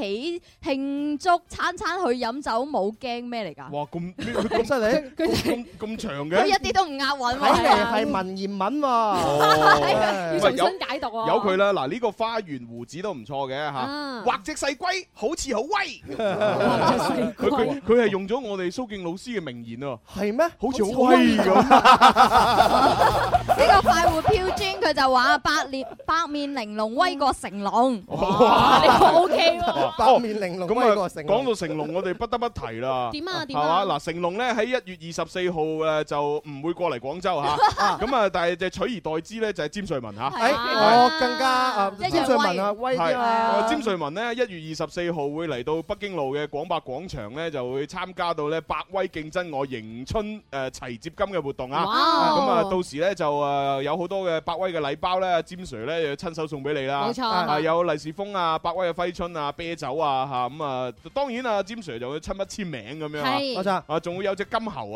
起慶祝，餐餐去飲酒冇驚咩嚟噶？哇，咁咁犀利！ 佢哋咁長嘅，佢一啲都唔押韻喎，係文言文嘛，要重新解讀啊，有佢啦。嗱呢個花園鬍子都唔錯嘅嚇，畫隻細龜好似好威。佢佢佢係用咗我哋蘇敬老師嘅名言啊，係咩？好似好威咁。呢個快活飄磚佢就話百面百面玲瓏威過成龍，哇，OK 喎，百面玲瓏威過成。講到成龍，我哋不得不提啦。點啊？點啊？嗱，成龍咧喺一月二，二十四號誒，就唔會過嚟廣州嚇，咁 啊，但係就取而代之咧就係詹瑞文嚇，我更加直威威啊詹瑞文嚇，係詹瑞文呢，一月二十四號會嚟到北京路嘅廣百廣場咧就會參加到咧百威勁真我迎春誒、呃、齊接金嘅活動哇、哦、啊，咁啊到時咧就誒有好多嘅百威嘅禮包咧，詹瑞 i 咧又親手送俾你啦，冇錯，啊、有利是封啊，百威嘅飛春啊，啤酒啊嚇，咁啊當然啊，詹瑞就會親筆簽名咁樣，冇錯，啊仲會的、啊、有隻金猴。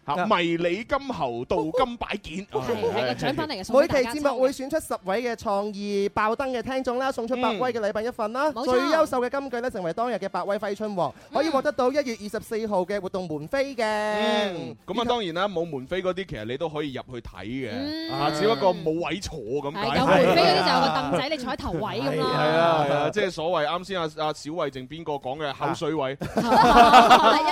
吓迷你金猴鍍金擺件，係個獎品嚟嘅。每期節目會選出十位嘅創意爆燈嘅聽眾啦，送出百威嘅禮品一份啦。最優秀嘅金句咧，成為當日嘅百威揮春王，可以獲得到一月二十四號嘅活動門飛嘅。嗯，咁啊，當然啦，冇門飛嗰啲，其實你都可以入去睇嘅，啊，只不過冇位坐咁。係有門飛嗰啲就有個凳仔，你坐喺頭位咁樣。係啊係啊，即係所謂啱先阿阿小慧淨邊個講嘅口水位，第一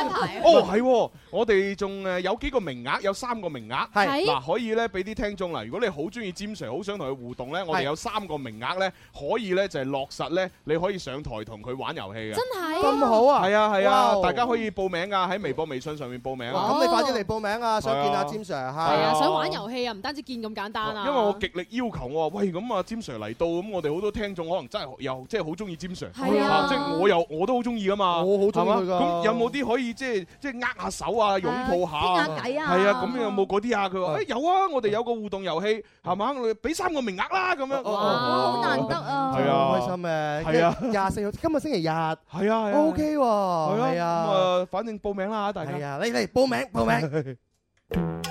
排。哦，係，我哋仲誒有。幾個名額，有三個名額，係嗱可以咧俾啲聽眾啦。如果你好中意詹 Sir，好想同佢互動咧，我哋有三個名額咧，可以咧就係落實咧，你可以上台同佢玩遊戲嘅。真係，咁好啊！係啊係啊，大家可以報名噶，喺微博、微信上面報名啊。咁你快啲嚟報名啊，想見下詹 Sir 吓，係啊，想玩遊戲啊，唔單止見咁簡單啊。因為我極力要求我話喂，咁啊詹 Sir 嚟到，咁我哋好多聽眾可能真係又即係好中意詹 Sir，即係我又我都好中意噶嘛，我好中意噶。咁有冇啲可以即係即係握下手啊，擁抱下？計啊！係啊，咁有冇嗰啲啊？佢話誒，有啊，我哋有個互動遊戲，係嘛，我哋俾三個名額啦，咁樣哦，好難得啊，係啊，開心嘅，係啊，廿四號今日星期日，係啊係啊，O K 喎，係啊，咁啊，反正報名啦，大家，你嚟報名報名。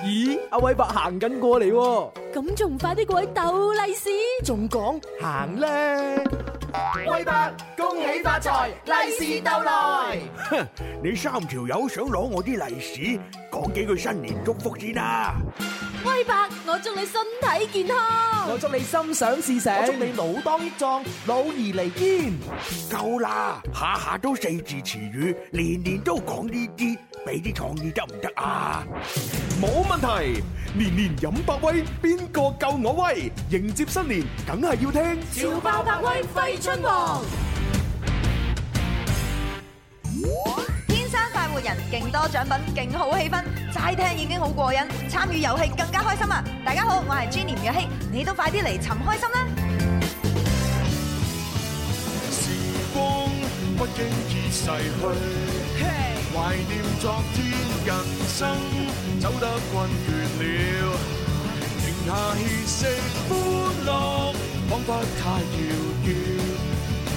咦，阿偉伯行緊過嚟喎，咁仲唔快啲過去斗利是，仲講行咧。威伯，恭喜發財，利是到來。哼，你三條友想攞我啲利是，講幾句新年祝福先啦。威伯，我祝你身體健康，我祝你心想事成，我祝你老當益壯，老而彌堅。夠啦，下下都四字詞語，年年都講呢啲，俾啲創意得唔得啊？冇問題，年年飲百威，邊個夠我威？迎接新年，梗係要聽潮爆百威，揮春王。 人勁多獎品，勁好氣氛，齋聽已經好過癮，參與遊戲更加開心啊！大家好，我係朱廉若希，你都快啲嚟尋開心啦！時光不經已逝去，懷念昨天，人生走得困遠了。停下氣息，歡樂仿佛太遙遠，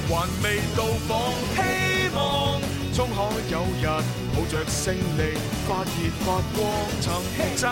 還未到訪希望。終可有日抱着勝利發熱發光，尋找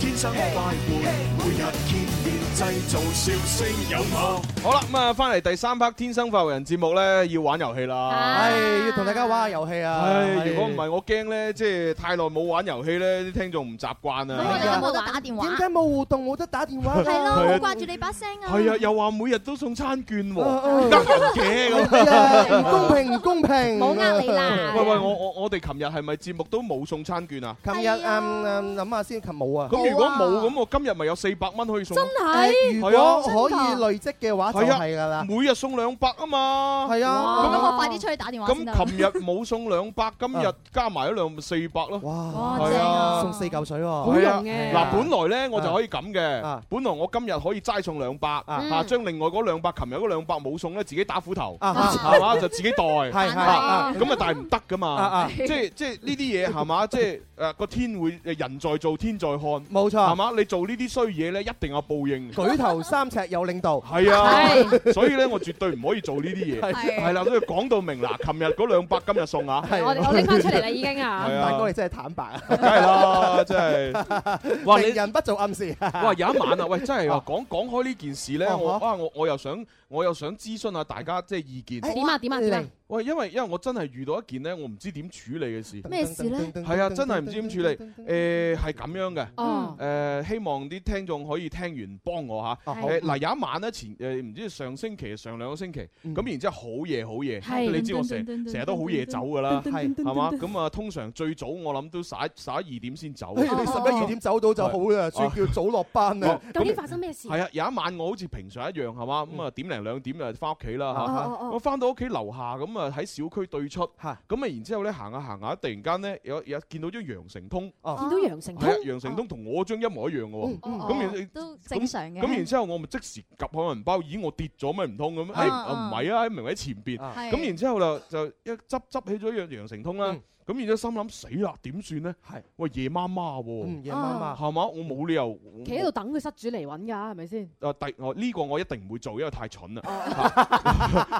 天生快活，每日見面製造笑聲有嗎？好啦，咁、嗯、啊，翻嚟第三 part 天生快活人節目咧，要玩遊戲啦，要同大家玩下遊戲啊！如果唔係我驚咧，即係太耐冇玩遊戲咧，啲聽眾唔習慣啊！點解冇互動冇得打電話？點解冇互動冇得打電話？係咯，好掛住你把聲啊！係 啊，啊，啊，又話每日都送餐券喎，啊！咁嘅， 啊，唔 公平，唔公平！冇呃 你啦～喂喂，我我我哋琴日係咪節目都冇送餐券啊？琴日，嗯，諗下先，琴冇啊。咁如果冇咁，我今日咪有四百蚊可以送？真係，係啊，可以累積嘅話，就係㗎啦。每日送兩百啊嘛，係啊。咁我快啲出去打電話。咁琴日冇送兩百，今日加埋一兩四百咯。哇！哇，係啊！送四嚿水喎，好用嘅。嗱，本來咧我就可以咁嘅，本來我今日可以齋送兩百，啊，將另外嗰兩百琴日嗰兩百冇送咧，自己打斧頭，係嘛，就自己袋，係係啊，咁啊大。唔得噶嘛，即係即係呢啲嘢係嘛，即係誒個天會人在做天在看，冇錯係嘛，你做呢啲衰嘢咧一定有報應，舉頭三尺有領導，係啊，所以咧我絕對唔可以做呢啲嘢，係啦，所以講到明嗱，琴日嗰兩百今日送啊，我拎翻出嚟啦已經啊，大哥你真係坦白，梗係啦，真係，哇你人不做暗事！哇有一晚啊，喂真係話講講開呢件事咧，我啊我我又想我又想諮詢下大家即係意見，點啊點啊你哋？喂，因為因為我真係遇到一件咧，我唔知點處理嘅事。咩事咧？係啊，真係唔知點處理。誒係咁樣嘅。哦。誒希望啲聽眾可以聽完幫我嚇。嗱有一晚咧，前誒唔知上星期、上兩個星期，咁然之後好夜好夜。你知我成成日都好夜走㗎啦。係。係嘛？咁啊，通常最早我諗都十一十一二點先走。你十一二點走到就好啦，算叫早落班啊。究竟發生咩事？係啊，有一晚我好似平常一樣係嘛？咁啊，點零兩點就翻屋企啦嚇。我翻到屋企樓下咁啊～喺小區對出嚇，咁啊然之後咧行下行下，突然間咧有有見到張羊城通，見、啊、到羊城通，羊城通同我張一模一樣嘅喎，咁、嗯嗯嗯嗯嗯、然、哦、都正常嘅。咁然之後我咪即時 𥄫 下銀包，咦，我跌咗咩唔通咁？係唔係啊？明明喺前邊，咁然之後就就一執執起咗一樣羊城通啦。咁然之後心諗死啦，點算咧？係是喂夜媽媽喎，係嘛、啊嗯啊？我冇理由企喺度等佢失主嚟揾㗎，係咪先？誒第、啊、我呢、呢個我一定唔會做，因為太蠢啦。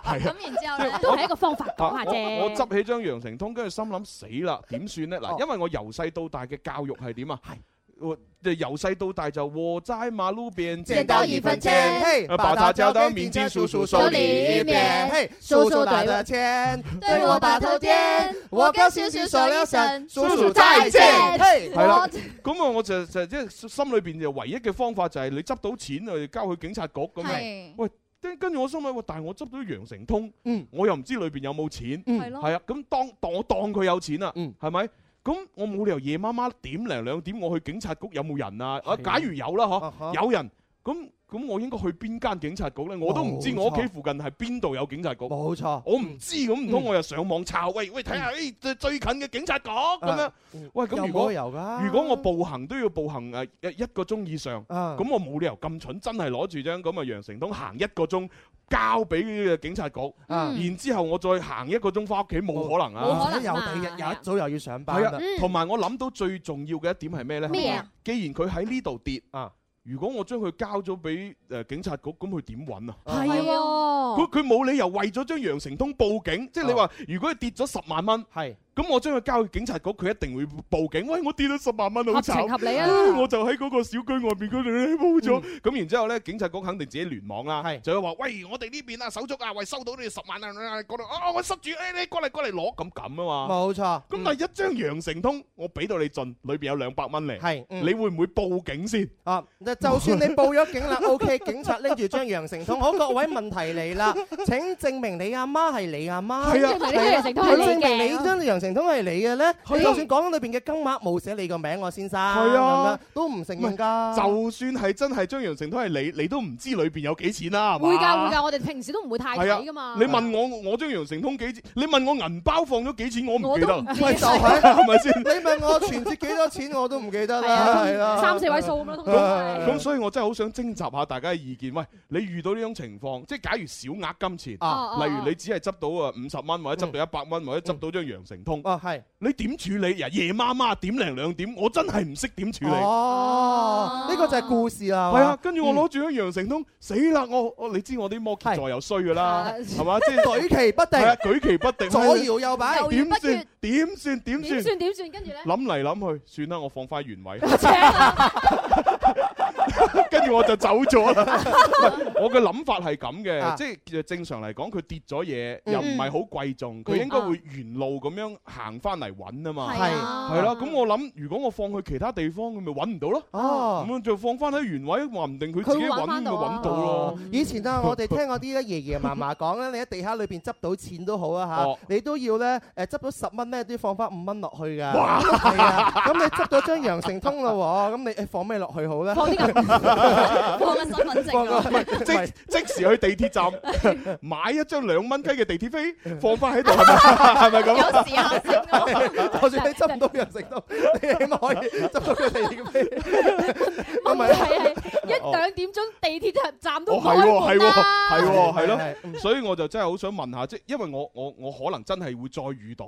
係咁然之後咧都係一個方法講下啫。我執起張羊城通，跟住心諗死啦，點算咧？嗱， 因為我由細到大嘅教育係點啊？係。 我由細到大就和齋馬路邊見到一分錢，嘿，把它交到面前叔叔手裏面，嘿，叔叔袋咗錢，對我把頭點，我交少少數一數，叔叔揸錢，嘿，係啦。咁啊，我就就即係心裏邊就唯一嘅方法就係你執到錢啊，交去警察局咁樣。喂，跟住我心裏話，但係我執到羊城通，嗯，我又唔知裏邊有冇錢，嗯，係啊，咁當當我當佢有錢啊，嗯，係咪？咁我冇理由夜麻麻點零兩點我去警察局有冇人啊？啊假如有啦嗬，uh huh. 有人咁。咁、嗯、我應該去邊間警察局呢？我都唔知我屋企附近係邊度有警察局。冇錯，我唔知咁唔通我又上網查？喂喂，睇下誒最近嘅警察局咁樣、嗯。喂，咁如果如果我步行都要步行誒一一個鐘以上，咁、嗯、我冇理由咁蠢，真係攞住張咁啊楊成東行一個鐘交俾警察局，嗯嗯、然之後我再行一個鐘翻屋企冇可能啊！冇可能啊！又、嗯、第、嗯呃、日一、嗯、早又要上班。係啊，同埋、嗯嗯、我諗到最重要嘅一點係咩呢？咩啊？既然佢喺呢度跌啊！如果我將佢交咗俾誒警察局，咁佢點揾啊？係啊，佢冇理由為咗將楊成通報警，即係你話，如果佢跌咗十萬蚊。咁我將佢交去警察局，佢一定會報警。喂，我跌咗十萬蚊，好慘！合情合理啊！我就喺嗰個小區外邊嗰度咧報咗。咁然之後咧，警察局肯定自己聯網啦，係就會話：喂，我哋呢邊啊，手足啊，喂，收到你十萬啊，嗰度啊，我塞住，你你過嚟過嚟攞咁咁啊嘛。冇錯。咁但一張羊城通，我俾到你盡，裏邊有兩百蚊嚟。係。你會唔會報警先？啊，就算你報咗警啦，O K，警察拎住張羊城通。好，各位問題嚟啦，請證明你阿媽係你阿媽。係啊，證明你張羊。成通係你嘅咧，你就算講裏邊嘅金額冇寫你個名，我先生係啊，都唔承認㗎。就算係真係張羊城通係你，你都唔知裏邊有幾錢啦，係嘛？會㗎會㗎，我哋平時都唔會太睇㗎嘛。你問我我張羊城通幾？你問我銀包放咗幾錢，我唔記得。喂，就係係咪先？你問我存折幾多錢，我都唔記得啦。係啦，三四位數咯，通常係。咁所以，我真係好想徵集下大家嘅意見。喂，你遇到呢種情況，即係假如小額金錢，例如你只係執到啊五十蚊，或者執到一百蚊，或者執到張羊城通。哦係，你點處理？夜夜媽媽點零兩點，我真係唔識點處理。哦，呢個就係故事啦。係啊，跟住我攞住張羊城通，死啦！我我你知我啲摩羯座又衰噶啦，係嘛？即係舉棋不定，舉棋不定，左搖右擺，點算？點算？點算？點算？點算？跟住咧諗嚟諗去，算啦，我放翻原位。跟住我就走咗啦。我嘅諗法係咁嘅，即係正常嚟講，佢跌咗嘢又唔係好貴重，佢應該會沿路咁樣行翻嚟揾啊嘛。係啊，係啦。咁我諗，如果我放去其他地方，佢咪揾唔到咯。哦，咁啊就放翻喺原位，話唔定佢自己揾都揾到咯。以前啊，我哋聽嗰啲爺爺嫲嫲講咧，你喺地下裏邊執到錢都好啊嚇，你都要咧誒執到十蚊咧，都要放翻五蚊落去㗎。哇，咁你執咗張羊城通啦喎，咁你放咩落去好咧？放緊 身份證啊！即 即時去地鐵站買一張兩蚊雞嘅地鐵飛，放翻喺度，係咪，係咪咁，有時候、啊， 就算你執唔到人食到，你起碼可以執到個地鐵飛。唔係。一兩點鐘地鐵站都唔開門啦，所以我就真係好想問下，即因為我我我可能真係會再遇到，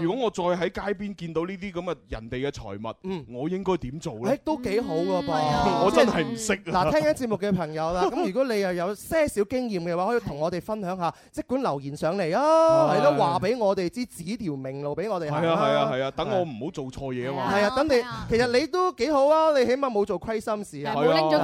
如果我再喺街邊見到呢啲咁嘅人哋嘅財物，我應該點做咧？誒，都幾好㗎噃，我真係唔識嗱，聽緊節目嘅朋友啦，咁如果你又有些少經驗嘅話，可以同我哋分享下，即管留言上嚟啊，係咯，話俾我哋知指條明路俾我哋行，係啊係啊係啊，等我唔好做錯嘢啊嘛，係啊，等你其實你都幾好啊，你起碼冇做虧心事啊。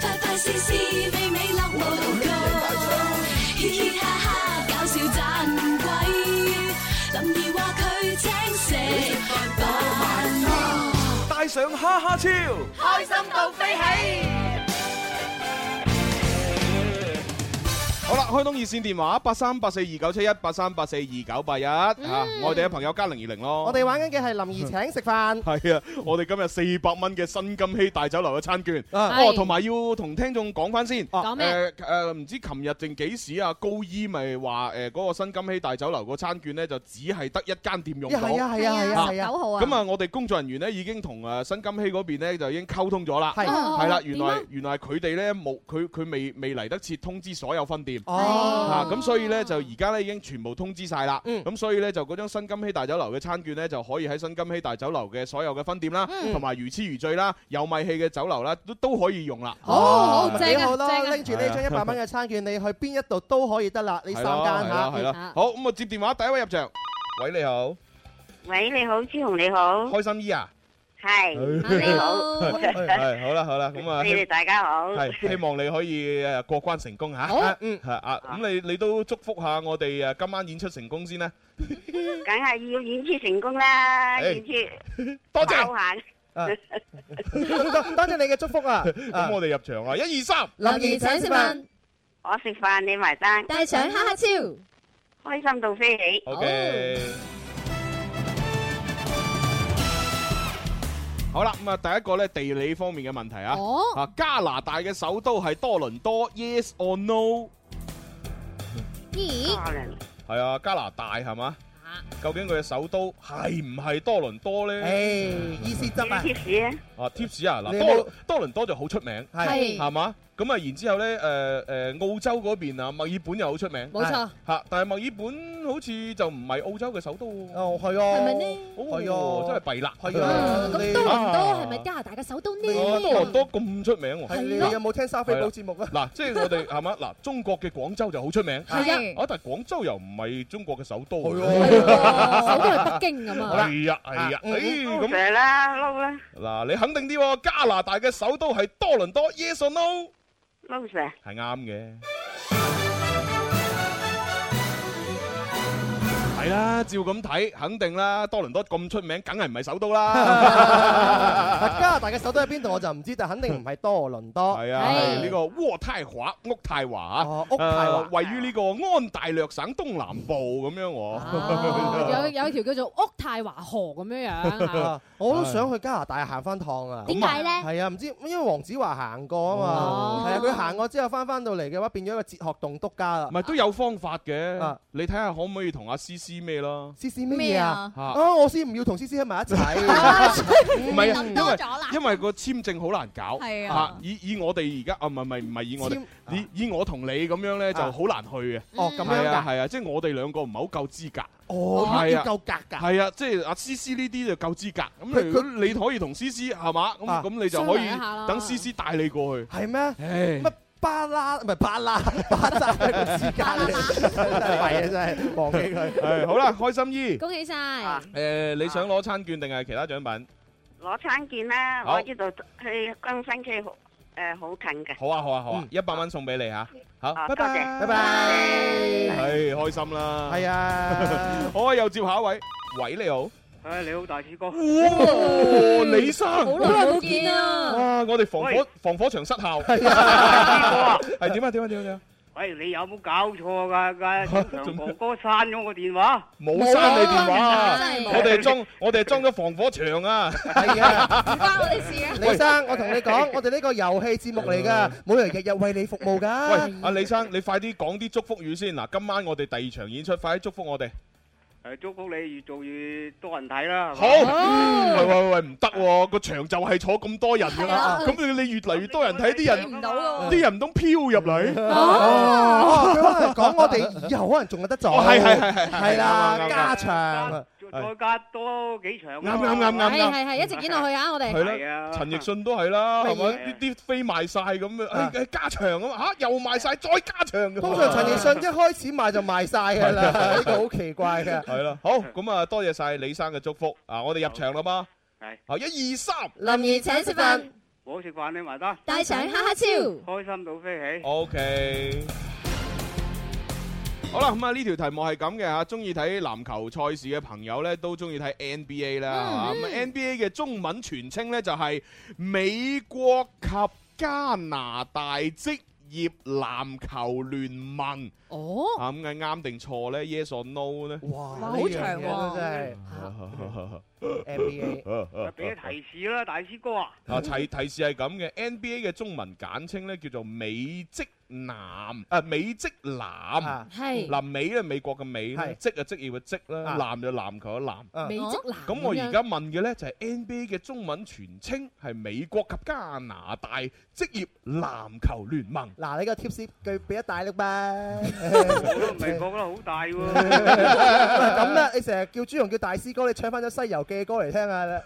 快快試試美美樂滿高，嘻嘻哈哈搞笑真鬼，怎意話，佢青死？帶上哈哈超，開心到飛起！開通熱線電話八三八四二九七一八三八四二九八一，吓，外地嘅朋友加零二零咯。我哋玩緊嘅係林姨請食飯。係啊，我哋今日四百蚊嘅新金禧大酒樓嘅餐券。哦，同埋要同聽眾講翻先。講咩？誒，唔知琴日定幾時啊？高姨咪話誒，嗰個新金禧大酒樓嗰餐券咧，就只係得一間店用到。係啊係啊係啊，九號啊。咁啊，我哋工作人員咧已經同誒新金禧嗰邊咧就已經溝通咗啦。係。係啦，原來原來佢哋咧冇佢佢未未嚟得切通知所有分店。哦，嚇！咁所以咧就而家咧已經全部通知曬啦。咁所以咧就嗰張新金禧大酒樓嘅餐券咧就可以喺新金禧大酒樓嘅所有嘅分店啦，同埋如痴如醉啦、有米氣嘅酒樓啦，都都可以用啦。好好，幾好咯！拎住呢張一百蚊嘅餐券，你去邊一度都可以得啦。呢三間嚇，係啦。好，咁啊接電話，第一位入場。喂，你好。喂，你好，朱紅，你好。開心醫啊！係你好，係好啦好啦，咁啊，你哋大家好，係希望你可以誒過關成功吓，好嗯，啊咁你你都祝福下我哋誒今晚演出成功先啦，梗係要演出成功啦，演出多謝，多謝你嘅祝福啊，咁我哋入場啊，一二三，林怡請食飯，我食飯你埋單，帶長哈哈超，開心到飛起，好。好啦，咁啊，第一個咧，地理方面嘅問題啊，哦、啊，加拿大嘅首都係多倫多，Yes or No？二係、欸、啊，加拿大係嘛？啊、究竟佢嘅首都係唔係多倫多咧？誒、欸，意思真啊，貼士啊，嗱，多多倫多就好出名，係係嘛？咁啊，然之後咧，誒誒澳洲嗰邊啊，墨爾本又好出名，冇錯。嚇，但係墨爾本好似就唔係澳洲嘅首都。哦，係啊。係咪呢？係啊，真係弊喇。係啊。咁多倫多係咪加拿大嘅首都呢？多倫多咁出名喎。你有冇聽沙飛寶節目啊？嗱，即係我哋係嘛？嗱，中國嘅廣州就好出名。係啊。啊，但係廣州又唔係中國嘅首都。首都係北京㗎嘛？係啊，係啊，咁。多謝啦嗱，你肯定啲，加拿大嘅首都係多倫多。Yes or no？係啱嘅。係啦，照咁睇，肯定啦。多倫多咁出名，梗係唔係首都啦。加拿大嘅首都喺邊度我就唔知，但肯定唔係多倫多。係啊，係呢個渥太華，渥太華啊，渥太華位於呢個安大略省東南部咁樣。有有一條叫做渥太華河咁樣樣。我都想去加拿大行翻趟啊。點解咧？係啊，唔知因為黃子華行過啊嘛。啊，佢行過之後翻翻到嚟嘅話，變咗一個哲學棟篤家啦。唔係都有方法嘅，你睇下可唔可以同阿思思，啲咩咯？思思咩啊？啊，我先唔要同思思喺埋一齊。唔係，因為因為個簽證好難搞。係啊，以以我哋而家啊，唔係唔係唔係以我哋，以以我同你咁樣咧就好難去嘅。哦，咁樣㗎，係啊，即係我哋兩個唔係好夠資格。哦，係啊，夠格㗎。係啊，即係阿思思呢啲就夠資格。咁如果你可以同思思係嘛，咁咁你就可以等思思帶你過去。係咩？.巴啦，唔係巴啦，巴啦個時間，廢嘅，真係，忘記佢。好啦，開心姨，恭喜晒。誒，你想攞餐券定係其他獎品？攞餐券啦，我喺呢度去更新區好誒，好近嘅。好啊，好啊，好啊，一百蚊送俾你吓，吓，拜拜，拜拜。誒，開心啦，係啊，好啊，又接下一位，喂，你好。誒、哎，你好，大志哥。哇，李生，好耐冇見啊！哇，我哋防火喂防火牆失效。係點啊？點啊？點啊？喂，你有冇搞錯噶？長哥刪咗我個電話？冇刪你電話，啊、我哋裝、啊、我哋裝咗防火牆啊！係啊，唔關我啲事啊！李生，我同你講，我哋呢個遊戲節目嚟噶，冇人日日為你服務噶。喂，阿李生，你快啲講啲祝福語先。嗱，今晚我哋第二場演出，快啲祝福我哋。誒，祝福你越做越多人睇啦！好，喂喂喂，唔得喎，個場就係坐咁多人㗎啦，咁你你越嚟越多人睇，啲人唔到，啲人唔通飄入嚟？講我哋以後可能仲有得做，係係係係係啦，加場。再加多幾場，啱啱啱啱，係係係，一直演落去啊！我哋係啦，陳奕迅都係啦，係嘛？啲啲飛賣曬咁樣，誒誒加場咁啊，又賣曬再加場嘅。通常陳奕迅一開始賣就賣曬㗎啦，呢個好奇怪嘅。係啦，好咁啊，多謝曬李生嘅祝福啊！我哋入場啦嗎？係，係一二三，林怡請食飯，我食飯你埋單，帶上哈哈超，開心到飛起，OK。好啦，咁啊呢條題目係咁嘅吓，中意睇籃球賽事嘅朋友呢，都中意睇 NBA 啦吓。咁 NBA 嘅中文全稱呢，就係、是、美國及加拿大職業籃球聯盟。哦、oh. 嗯，咁係啱定錯呢？Yes or no 呢？哇，好哇長喎、啊，真係。 NBA，俾個提示啦，大師哥啊。啊提提示係咁嘅，NBA 嘅中文簡稱呢，叫做美職。南啊，美職籃，係嗱美咧，美國嘅美咧，職啊職業嘅職啦，籃就籃球嘅籃。美職籃。咁我而家問嘅咧就係 NBA 嘅中文全稱係美國及加拿大職業籃球聯盟。嗱，你個貼士句俾一大力咩？唔係講得好大喎。咁咧，你成日叫朱紅叫大師哥，你唱翻咗西遊記嘅歌嚟聽下啦。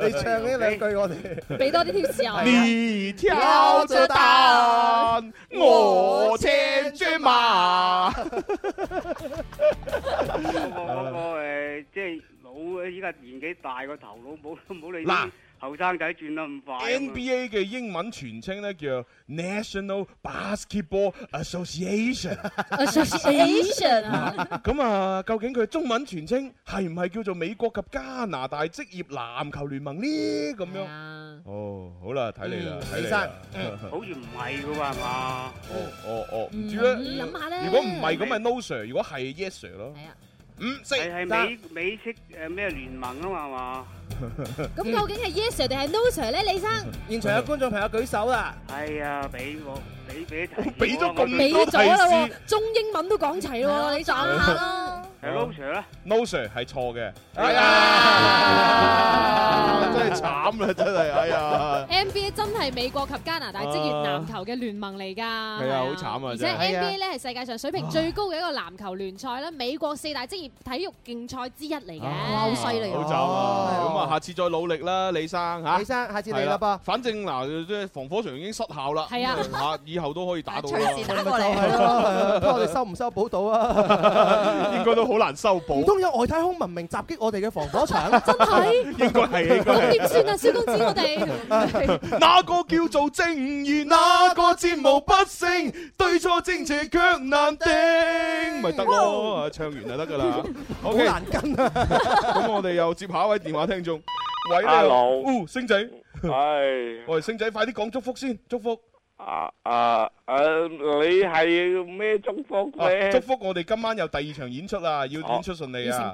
你唱呢兩句我哋，俾多啲貼士。你挑出蛋。我車磚嘛，嗰個嗰個誒，即係老依家年紀大個頭腦冇冇你啲。後生仔轉得咁快。NBA 嘅英文全稱咧叫 National Basketball Association。Association 啊。咁啊，究竟佢中文全稱係唔係叫做美國及加拿大職業籃球聯盟呢？咁樣。哦，好啦，睇你啦，睇晒，好似唔係嘅喎，係嘛？哦，哦，哦。唔知咧。你諗下咧。如果唔係咁咪 no sir，如果係 yes sir 咯。五四，係美美式誒咩聯盟啊嘛，係嘛？咁究竟係 yes sir 定係 no sir 咧？李生，現場有觀眾朋友舉手啦！係、哎、啊，俾我俾俾齊，俾咗咁多啦，中英文都講齊咯， 啊、你撞下咯、啊。 no sir 係錯嘅，係啊，真係慘啊，真係，哎呀！NBA 真係美國及加拿大職業籃球嘅聯盟嚟噶，係啊，好慘啊！而且 NBA 咧係世界上水平最高嘅一個籃球聯賽啦，美國四大職業體育競賽之一嚟嘅，好犀利啊！咁啊，下次再努力啦，李生吓，李生，下次你啦吧。反正嗱，即防火牆已經失效啦，係啊，以後都可以打到，隨時打過嚟。我哋收唔收補到啊？應該都好難修補，唔通有外太空文明襲擊我哋嘅防火牆？真係，應該係。咁點算啊，蕭公子我哋？哪個叫做正義？哪個戰無不勝？對錯正邪卻難定，咪得咯？唱完就得噶啦。好難跟啊！咁我哋又接下一位電話聽眾，喂，hello，星仔，係，喂，星仔，快啲講祝福先，祝福。啊啊誒，你係咩祝福祝福，我哋今晚有第二場演出啊，uh, 要演出順利啊！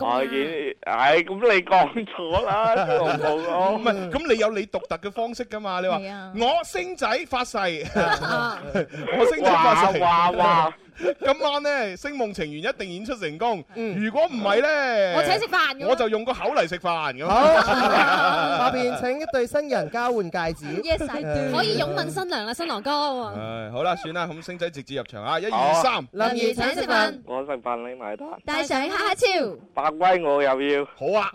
唉，咁你講錯啦，唔、嗯、係，咁、嗯嗯嗯、你有你獨特嘅方式噶嘛？你話 我星仔發誓， 我星仔發誓話話。 哇哇 今晚呢，《聲夢情緣》一定演出成功。如果唔係呢，我請食飯，我就用個口嚟食飯。好，下邊請一對新人交換戒指。可以擁吻新娘啦，新郎哥。好啦，算啦，咁星仔直接入場啊！一二三，林怡請食飯，我食飯你埋單。帶上哈哈超，白威我又要。好啊。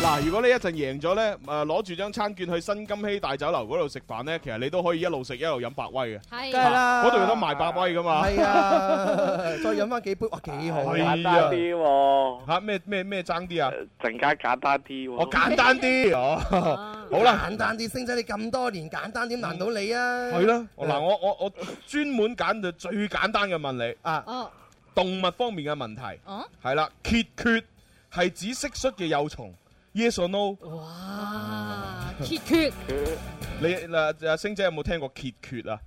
嗱，如果你一陣贏咗咧，誒攞住張餐券去新金禧大酒樓嗰度食飯咧，其實你都可以一路食一路飲百威嘅，係啦，嗰度有得賣百威噶嘛，係啊，再飲翻幾杯，哇幾好，簡單啲喎，咩咩咩爭啲啊，更加簡單啲，我簡單啲好啦，簡單啲星仔，你咁多年簡單點難到你啊？係咯，嗱我我我專門揀最簡單嘅問你啊，哦，動物方面嘅問題，哦，係啦，孑孓係指蟋蟀嘅幼蟲。Yes or no？哇！揭決 蛻， 你嗱阿、啊、星姐有冇聽過揭決啊？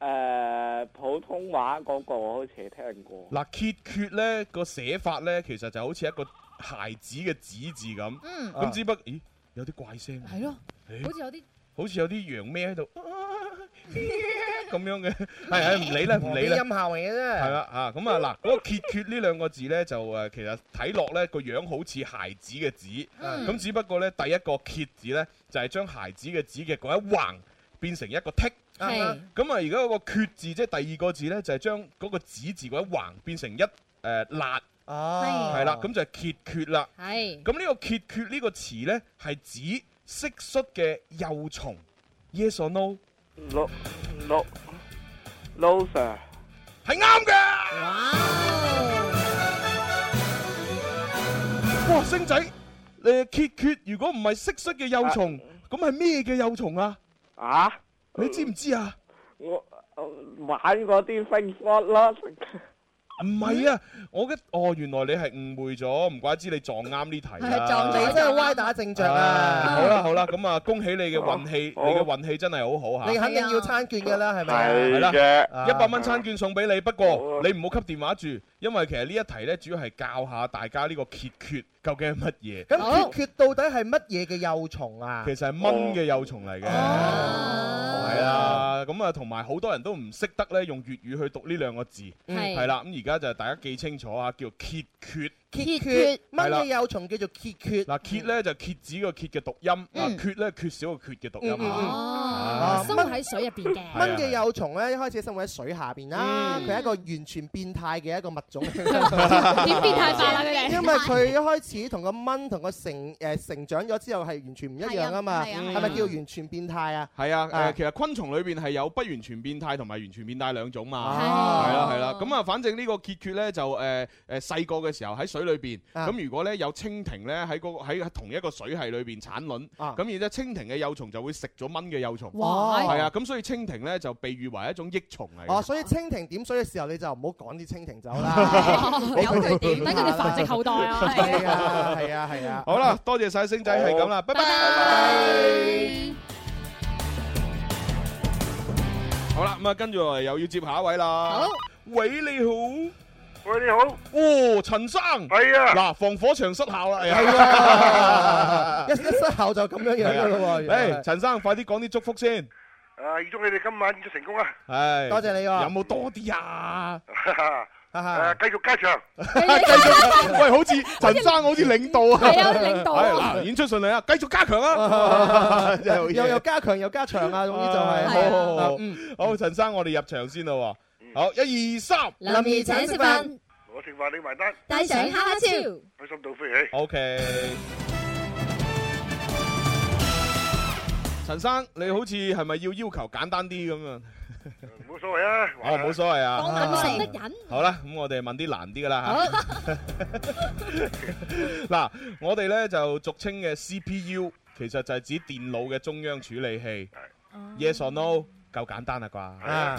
誒，uh, 普通話嗰個我好似聽過。嗱、啊，揭決咧個寫法咧，其實就好似一個孩子嘅子字咁。嗯。咁只不過，啊、咦，有啲怪聲、啊。係咯。咦好似有啲。好似有啲羊咩喺度咁樣嘅，係，係唔理啦唔理啦。音效嚟嘅啫。係啦嚇，咁啊嗱，嗰、啊那個孑孓呢兩個字咧就誒、啊，其實睇落咧個樣好似孩子嘅子」嗯。咁只不過咧第一個孑」字咧就係、是、將孩子嘅子嘅嗰一橫變成一個剔，咁的啊而家嗰個孓字即係、就是、第二個字咧就係將嗰個子字嗰一橫變成一、呃、辣」哦。捺，係啦，咁就係孑孓啦。係，咁呢個孑孓呢個詞咧係指。蟋蟀嘅幼蟲，yes or no，no no，no sir，係啱㗎。哇！哇！星仔，誒，揭決，如果唔係蟋蟀嘅幼蟲，咁係咩嘅幼蟲啊？啊？你知唔知啊？我玩嗰啲星塊咯。唔係啊，我嘅，哦，原來你係誤會咗，唔怪之你撞啱呢題啦、啊。撞你真係歪打正着啊，啊！好啦好啦，咁啊恭喜你嘅運氣，啊、你嘅運氣真係好、啊、好吓。你肯定要餐券噶啦，係咪？係嘅的，一百蚊餐券送俾你，不過你唔好扱電話住。因為其實呢一題咧，主要係教下大家呢個孑孓究竟係乜嘢？咁孑孓到底係乜嘢嘅幼蟲啊？其實係蚊嘅幼蟲嚟嘅，係啦、哦。咁啊、哦，同埋好多人都唔識得呢用粵語去讀呢兩個字，係啦是。咁而家就大家記清楚啊，叫孑孓。孑孓蚊嘅幼蟲叫做孑孓，嗱孑咧就孑子個孑嘅讀音，缺咧缺少個缺嘅讀音嚇。哦，生活喺水入邊嘅蚊嘅幼蟲咧，一開始生活喺水下邊啦。佢係一個完全變態嘅一個物種，點變態法啊？因為佢一開始同個蚊同個成誒成長咗之後係完全唔一樣啊嘛，係咪叫完全變態啊？係啊誒，其實昆蟲裏邊係有不完全變態同埋完全變態兩種嘛，係啦係啦。咁啊，反正呢個孑孓咧就誒誒細個嘅時候喺。水裏邊，咁如果咧有蜻蜓咧喺嗰個喺同一個水系裏邊產卵，咁而咧蜻蜓嘅幼蟲就會食咗蚊嘅幼蟲，係啊，咁所以蜻蜓咧就被譽為一種益蟲嚟。哦，所以蜻蜓點水嘅時候你就唔好趕啲蜻蜓走啦，由佢點，等佢哋繁殖後代啊！係啊，係啊，係啊。好啦，多謝晒星仔，係咁啦，拜拜。拜拜。好啦，咁啊，跟住又要接下一位啦。好，喂，你好。喂，你好。哦，陳生，係啊，嗱，防火牆失效啦，係啊，一一失效就咁樣樣啦。誒，陳生，快啲講啲祝福先。誒，預祝你哋今晚演出成功啊！係，多謝你啊。有冇多啲啊？誒，繼續加強。喂，好似陳生，好似領導啊。係啊，領導。演，演出順利啊！繼續加強啊！又又加強又加長啊！總之就係。好，好，陳生，我哋入場先咯。好，一二三，林怡請食飯，我請埋你埋單，帶上蝦超，開心到飛起。O K，陳生，你好似係咪要要求簡單啲咁樣？冇所謂啊，哦，冇所謂啊，當緊我識得人。好啦，咁我哋問啲難啲噶啦吓。嗱，我哋咧就俗稱嘅 C P U，其實就係指電腦嘅中央處理器。Yes or no？夠簡單啦啩。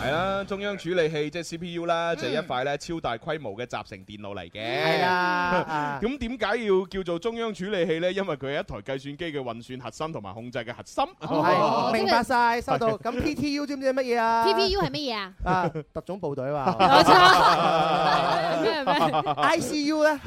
係啦，中央處理器即係 C P U 啦，就係一塊咧超大規模嘅集成電腦嚟嘅。係啊，咁點解要叫做中央處理器咧？因為佢係一台計算機嘅運算核心同埋控制嘅核心。明白晒，收到。咁 P T U 知唔知係乜嘢啊？P T U 係乜嘢啊？特種部隊啊嘛。冇錯。係咪？I C U 咧？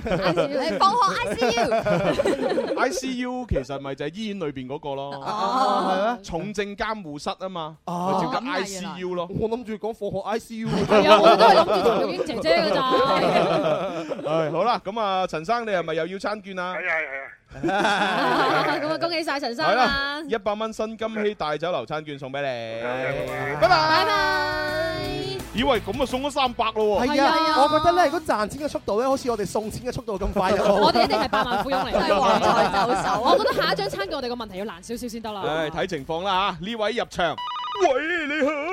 放學 I C U。I C U 其實咪就係醫院裏邊嗰個咯。哦，係啊？重症監護室啊嘛，佢負責 I C U 咯。諗住講科學 ICU，係啊，我哋都係諗住唐詠詩姐姐嘅咋。唉，好啦，咁啊，陳生你係咪又要餐券？啊係啊係啊。咁啊，恭喜晒陳生。係啦，一百蚊新金禧大酒樓餐券送俾你。拜拜。拜拜。以為咁啊，送咗三百咯？係啊。我覺得咧，如果賺錢嘅速度咧，好似我哋送錢嘅速度咁快又好，我哋一定係百萬富翁嚟嘅，旺財就手。我覺得下一張餐券我哋個問題要難少少先得啦。唉，睇情況啦吓。呢位入場，喂，你好。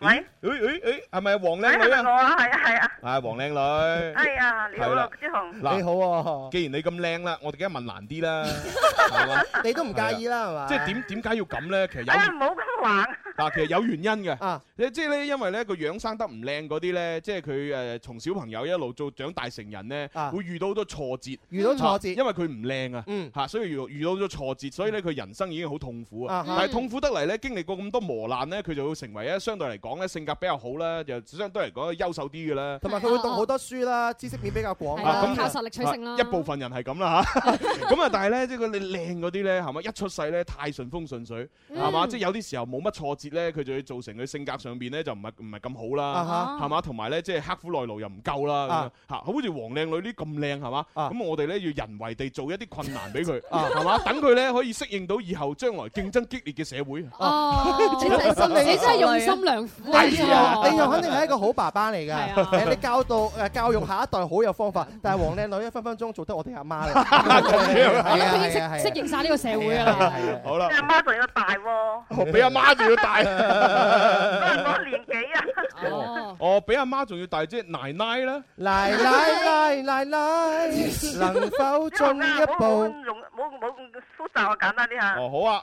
喂，誒誒誒，係咪黃靚女啊？係啊係啊，係黃靚女。係啊，你好啊，朱紅。你好啊，既然你咁靚啦，我哋梗係問難啲啦，係嘛？你都唔介意啦，係嘛？即係點點解要咁咧？其實有冇咁難？嗱，其實有原因嘅。啊，即係咧，因為咧個樣生得唔靚嗰啲咧，即係佢誒從小朋友一路做長大成人咧，會遇到好多挫折。遇到挫折，因為佢唔靚啊，吓，所以遇遇到咗挫折，所以咧佢人生已經好痛苦啊。但係痛苦得嚟咧，經歷過咁多磨難咧，佢就會成為咧相對嚟講。講咧性格比較好咧，就相對嚟講優秀啲嘅咧。同埋佢會讀好多書啦，知識面比較廣。咁靠實力取勝啦。一部分人係咁啦吓，咁啊但係咧即係佢靚嗰啲咧係嘛，一出世咧太順風順水係嘛，即係有啲時候冇乜挫折咧，佢就會造成佢性格上邊咧就唔係唔係咁好啦。係嘛，同埋咧即係刻苦耐勞又唔夠啦。吓，好似黃靚女咧咁靚係嘛，咁我哋咧要人為地做一啲困難俾佢，係嘛，等佢咧可以適應到以後將來競爭激烈嘅社會。哦，你真係用心良苦。你又肯定係一個好爸爸嚟噶。誒，你教到誒教育下一代好有方法，但係黃靚女咧分分鐘做得我哋阿媽嚟。我諗佢已經適應曬呢個社會啊。好啦，阿媽仲要大喎。比阿媽仲要大。講年紀啊。哦，比阿媽仲要大，即係奶奶咧。奶奶，奶奶，能否進一步？冇冇複雜，我簡單啲嚇。哦，好啊。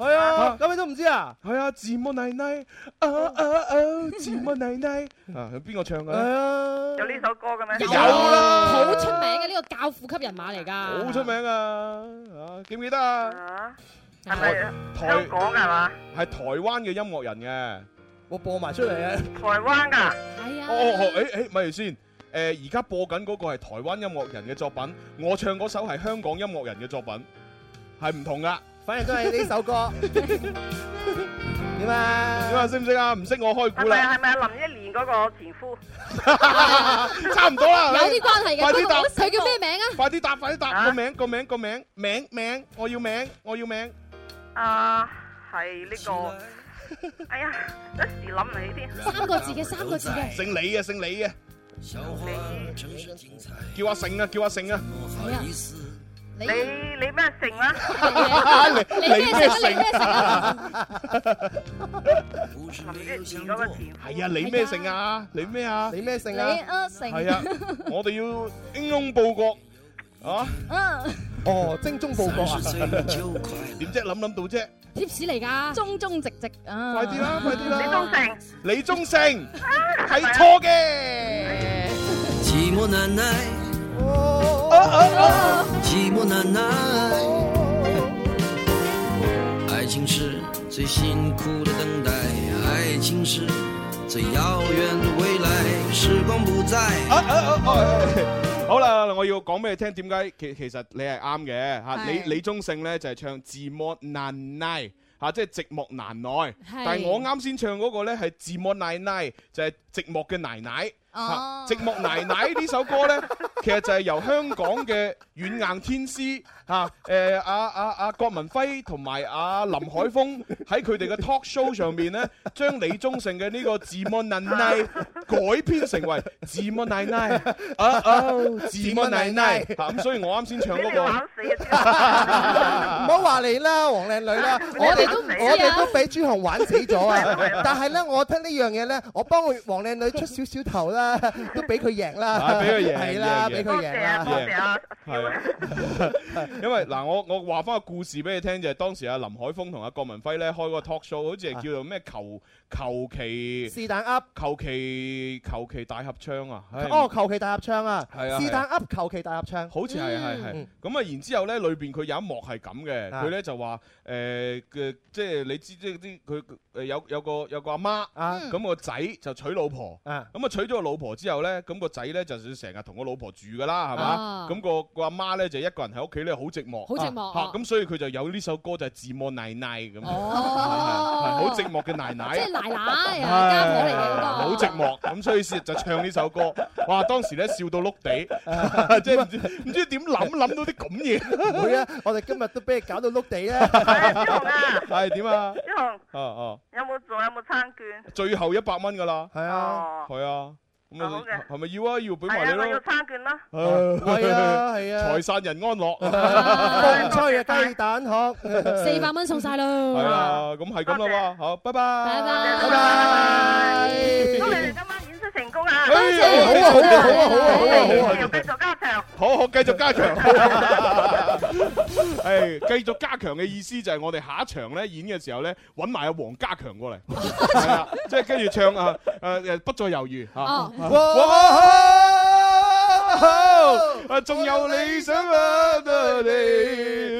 係啊，咁你都唔知啊？係啊，字母奶奶，哦哦哦，字母奶奶，啊，有邊個唱噶？係啊，有呢首歌嘅咩？有啦，好出名嘅呢個教父級人馬嚟噶，好出名啊！啊，記唔記得啊？啊，係咪香港嘅係嘛？係台灣嘅音樂人嘅，我播埋出嚟啊！台灣噶，係啊。哦哦，誒誒，咪住先，誒而家播緊嗰個係台灣音樂人嘅作品，我唱嗰首係香港音樂人嘅作品，係唔同噶。反正都係呢首歌，點啊？點啊？識唔識啊？唔識我開估啦。係咪係咪林憶蓮嗰個前夫？差唔多啦。有啲關係嘅。快啲答。佢叫咩名啊？快啲答，快啲答個名，個名，個名，名名，我要名，我要名。啊，係呢個。哎呀，一時諗唔起添。三個字嘅，三個字嘅。姓李嘅，姓李嘅。叫阿盛啊！叫阿盛啊！唔好意思。你你咩姓啦？你你咩姓？係啊，你咩姓啊？你咩啊？你咩姓啊？你啊姓？係啊，我哋要英勇報國啊！嗯，哦，精忠報國啊！點啫？諗諗到啫？貼士嚟噶，忠忠直直啊！快啲啦，快啲啦！李忠誠，李忠誠，係錯嘅。寂寞難耐，愛情是最辛苦的等待，愛情是最遙遠的未來。時光不再。好啦，我要講俾你聽點解。其其實你係啱嘅吓，李李宗盛呢就係唱寂寞難耐吓，即係寂寞難耐。但係我啱先唱嗰個呢係寂寞奶奶，就係、是、寂寞嘅奶奶。啊，寂寞奶奶呢首歌咧，其實就係由香港嘅軟硬天師吓，誒阿阿阿郭文輝同埋阿林海峰喺佢哋嘅 talk show 上面咧，將李宗盛嘅呢個《寂寞奶奶》改編成為《寂寞奶奶》啊啊，《寂寞奶奶》。咁所以，我啱先唱嗰個，你玩死啊！唔好話你啦，黃靚女啦，我哋都我哋都俾朱紅玩死咗啊！但係咧，我聽呢樣嘢咧，我幫佢黃靚女出少少頭啦。都俾佢贏啦，俾佢贏，係啦，俾佢贏，贏啊，係，因為嗱，我我話翻個故事俾你聽就係當時啊林海峰同阿郭文輝咧開個 talk show，好似係叫做咩求求其是但噏求其求其大合唱啊，哦，求其大合唱啊，是但噏求其大合唱，好似係係係，咁啊然之後咧裏邊佢有一幕係咁嘅，佢咧就話誒嘅即係你知即係啲佢誒有有個有個阿媽啊，咁個仔就娶老婆啊，咁啊娶咗個老。老婆之後咧，咁個仔咧就成日同個老婆住噶啦，係嘛？咁個個阿媽咧就一個人喺屋企咧，好寂寞。好寂寞。吓，咁所以佢就有呢首歌就係《寂寞奶奶》咁。哦，好寂寞嘅奶奶。即係奶奶，家婆嚟嘅。好寂寞，咁所以先就唱呢首歌。哇，當時咧笑到碌地，即係唔知唔知點諗諗到啲咁嘢。唔會啊，我哋今日都俾你搞到碌地啊！係點啊？雄。啊啊！有冇仲有冇餐券？最後一百蚊噶啦，係啊，係啊。係咪要啊？要俾埋你咯。係啊，我要三件咯。係啊，係啊，財散人安樂。風吹啊，雞蛋殼，四百蚊送晒咯。係啊，咁係咁啦嘛。好，拜拜。拜拜，拜拜。哎呀，好啊，好啊，好啊，好啊，好啊，好啊！繼續加強，好好繼續加強。係繼續加強嘅意思就係我哋下一場咧演嘅時候咧，揾埋阿黃家強過嚟，係啦，即係跟住唱啊，誒誒，不再猶豫啊，仲有理想啊，你。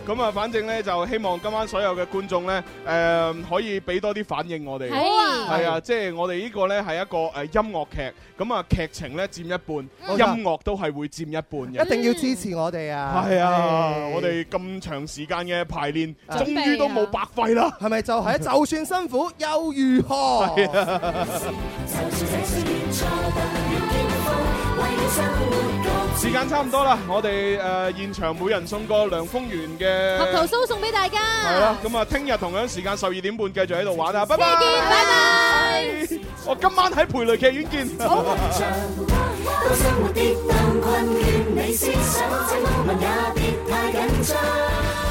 咁啊，反正咧就希望今晚所有嘅觀眾咧，誒、呃、可以俾多啲反應我哋，係啊，即係、啊就是、我哋呢個咧係一個誒音樂劇，咁、嗯、啊劇情咧佔一半，嗯、音樂都係會佔一半嘅。一定要支持我哋啊！係啊，啊我哋咁長時間嘅排練，終於都冇白費啦，係咪就係、是、就算辛苦又如何？ 時間差唔多啦，我哋誒、呃、現場每人送個涼風園嘅合桃酥送俾大家。係啦，咁啊，聽日同樣時間十二點半繼續喺度玩啊，見拜拜，再見，拜拜。 我今晚喺培蕾劇院見。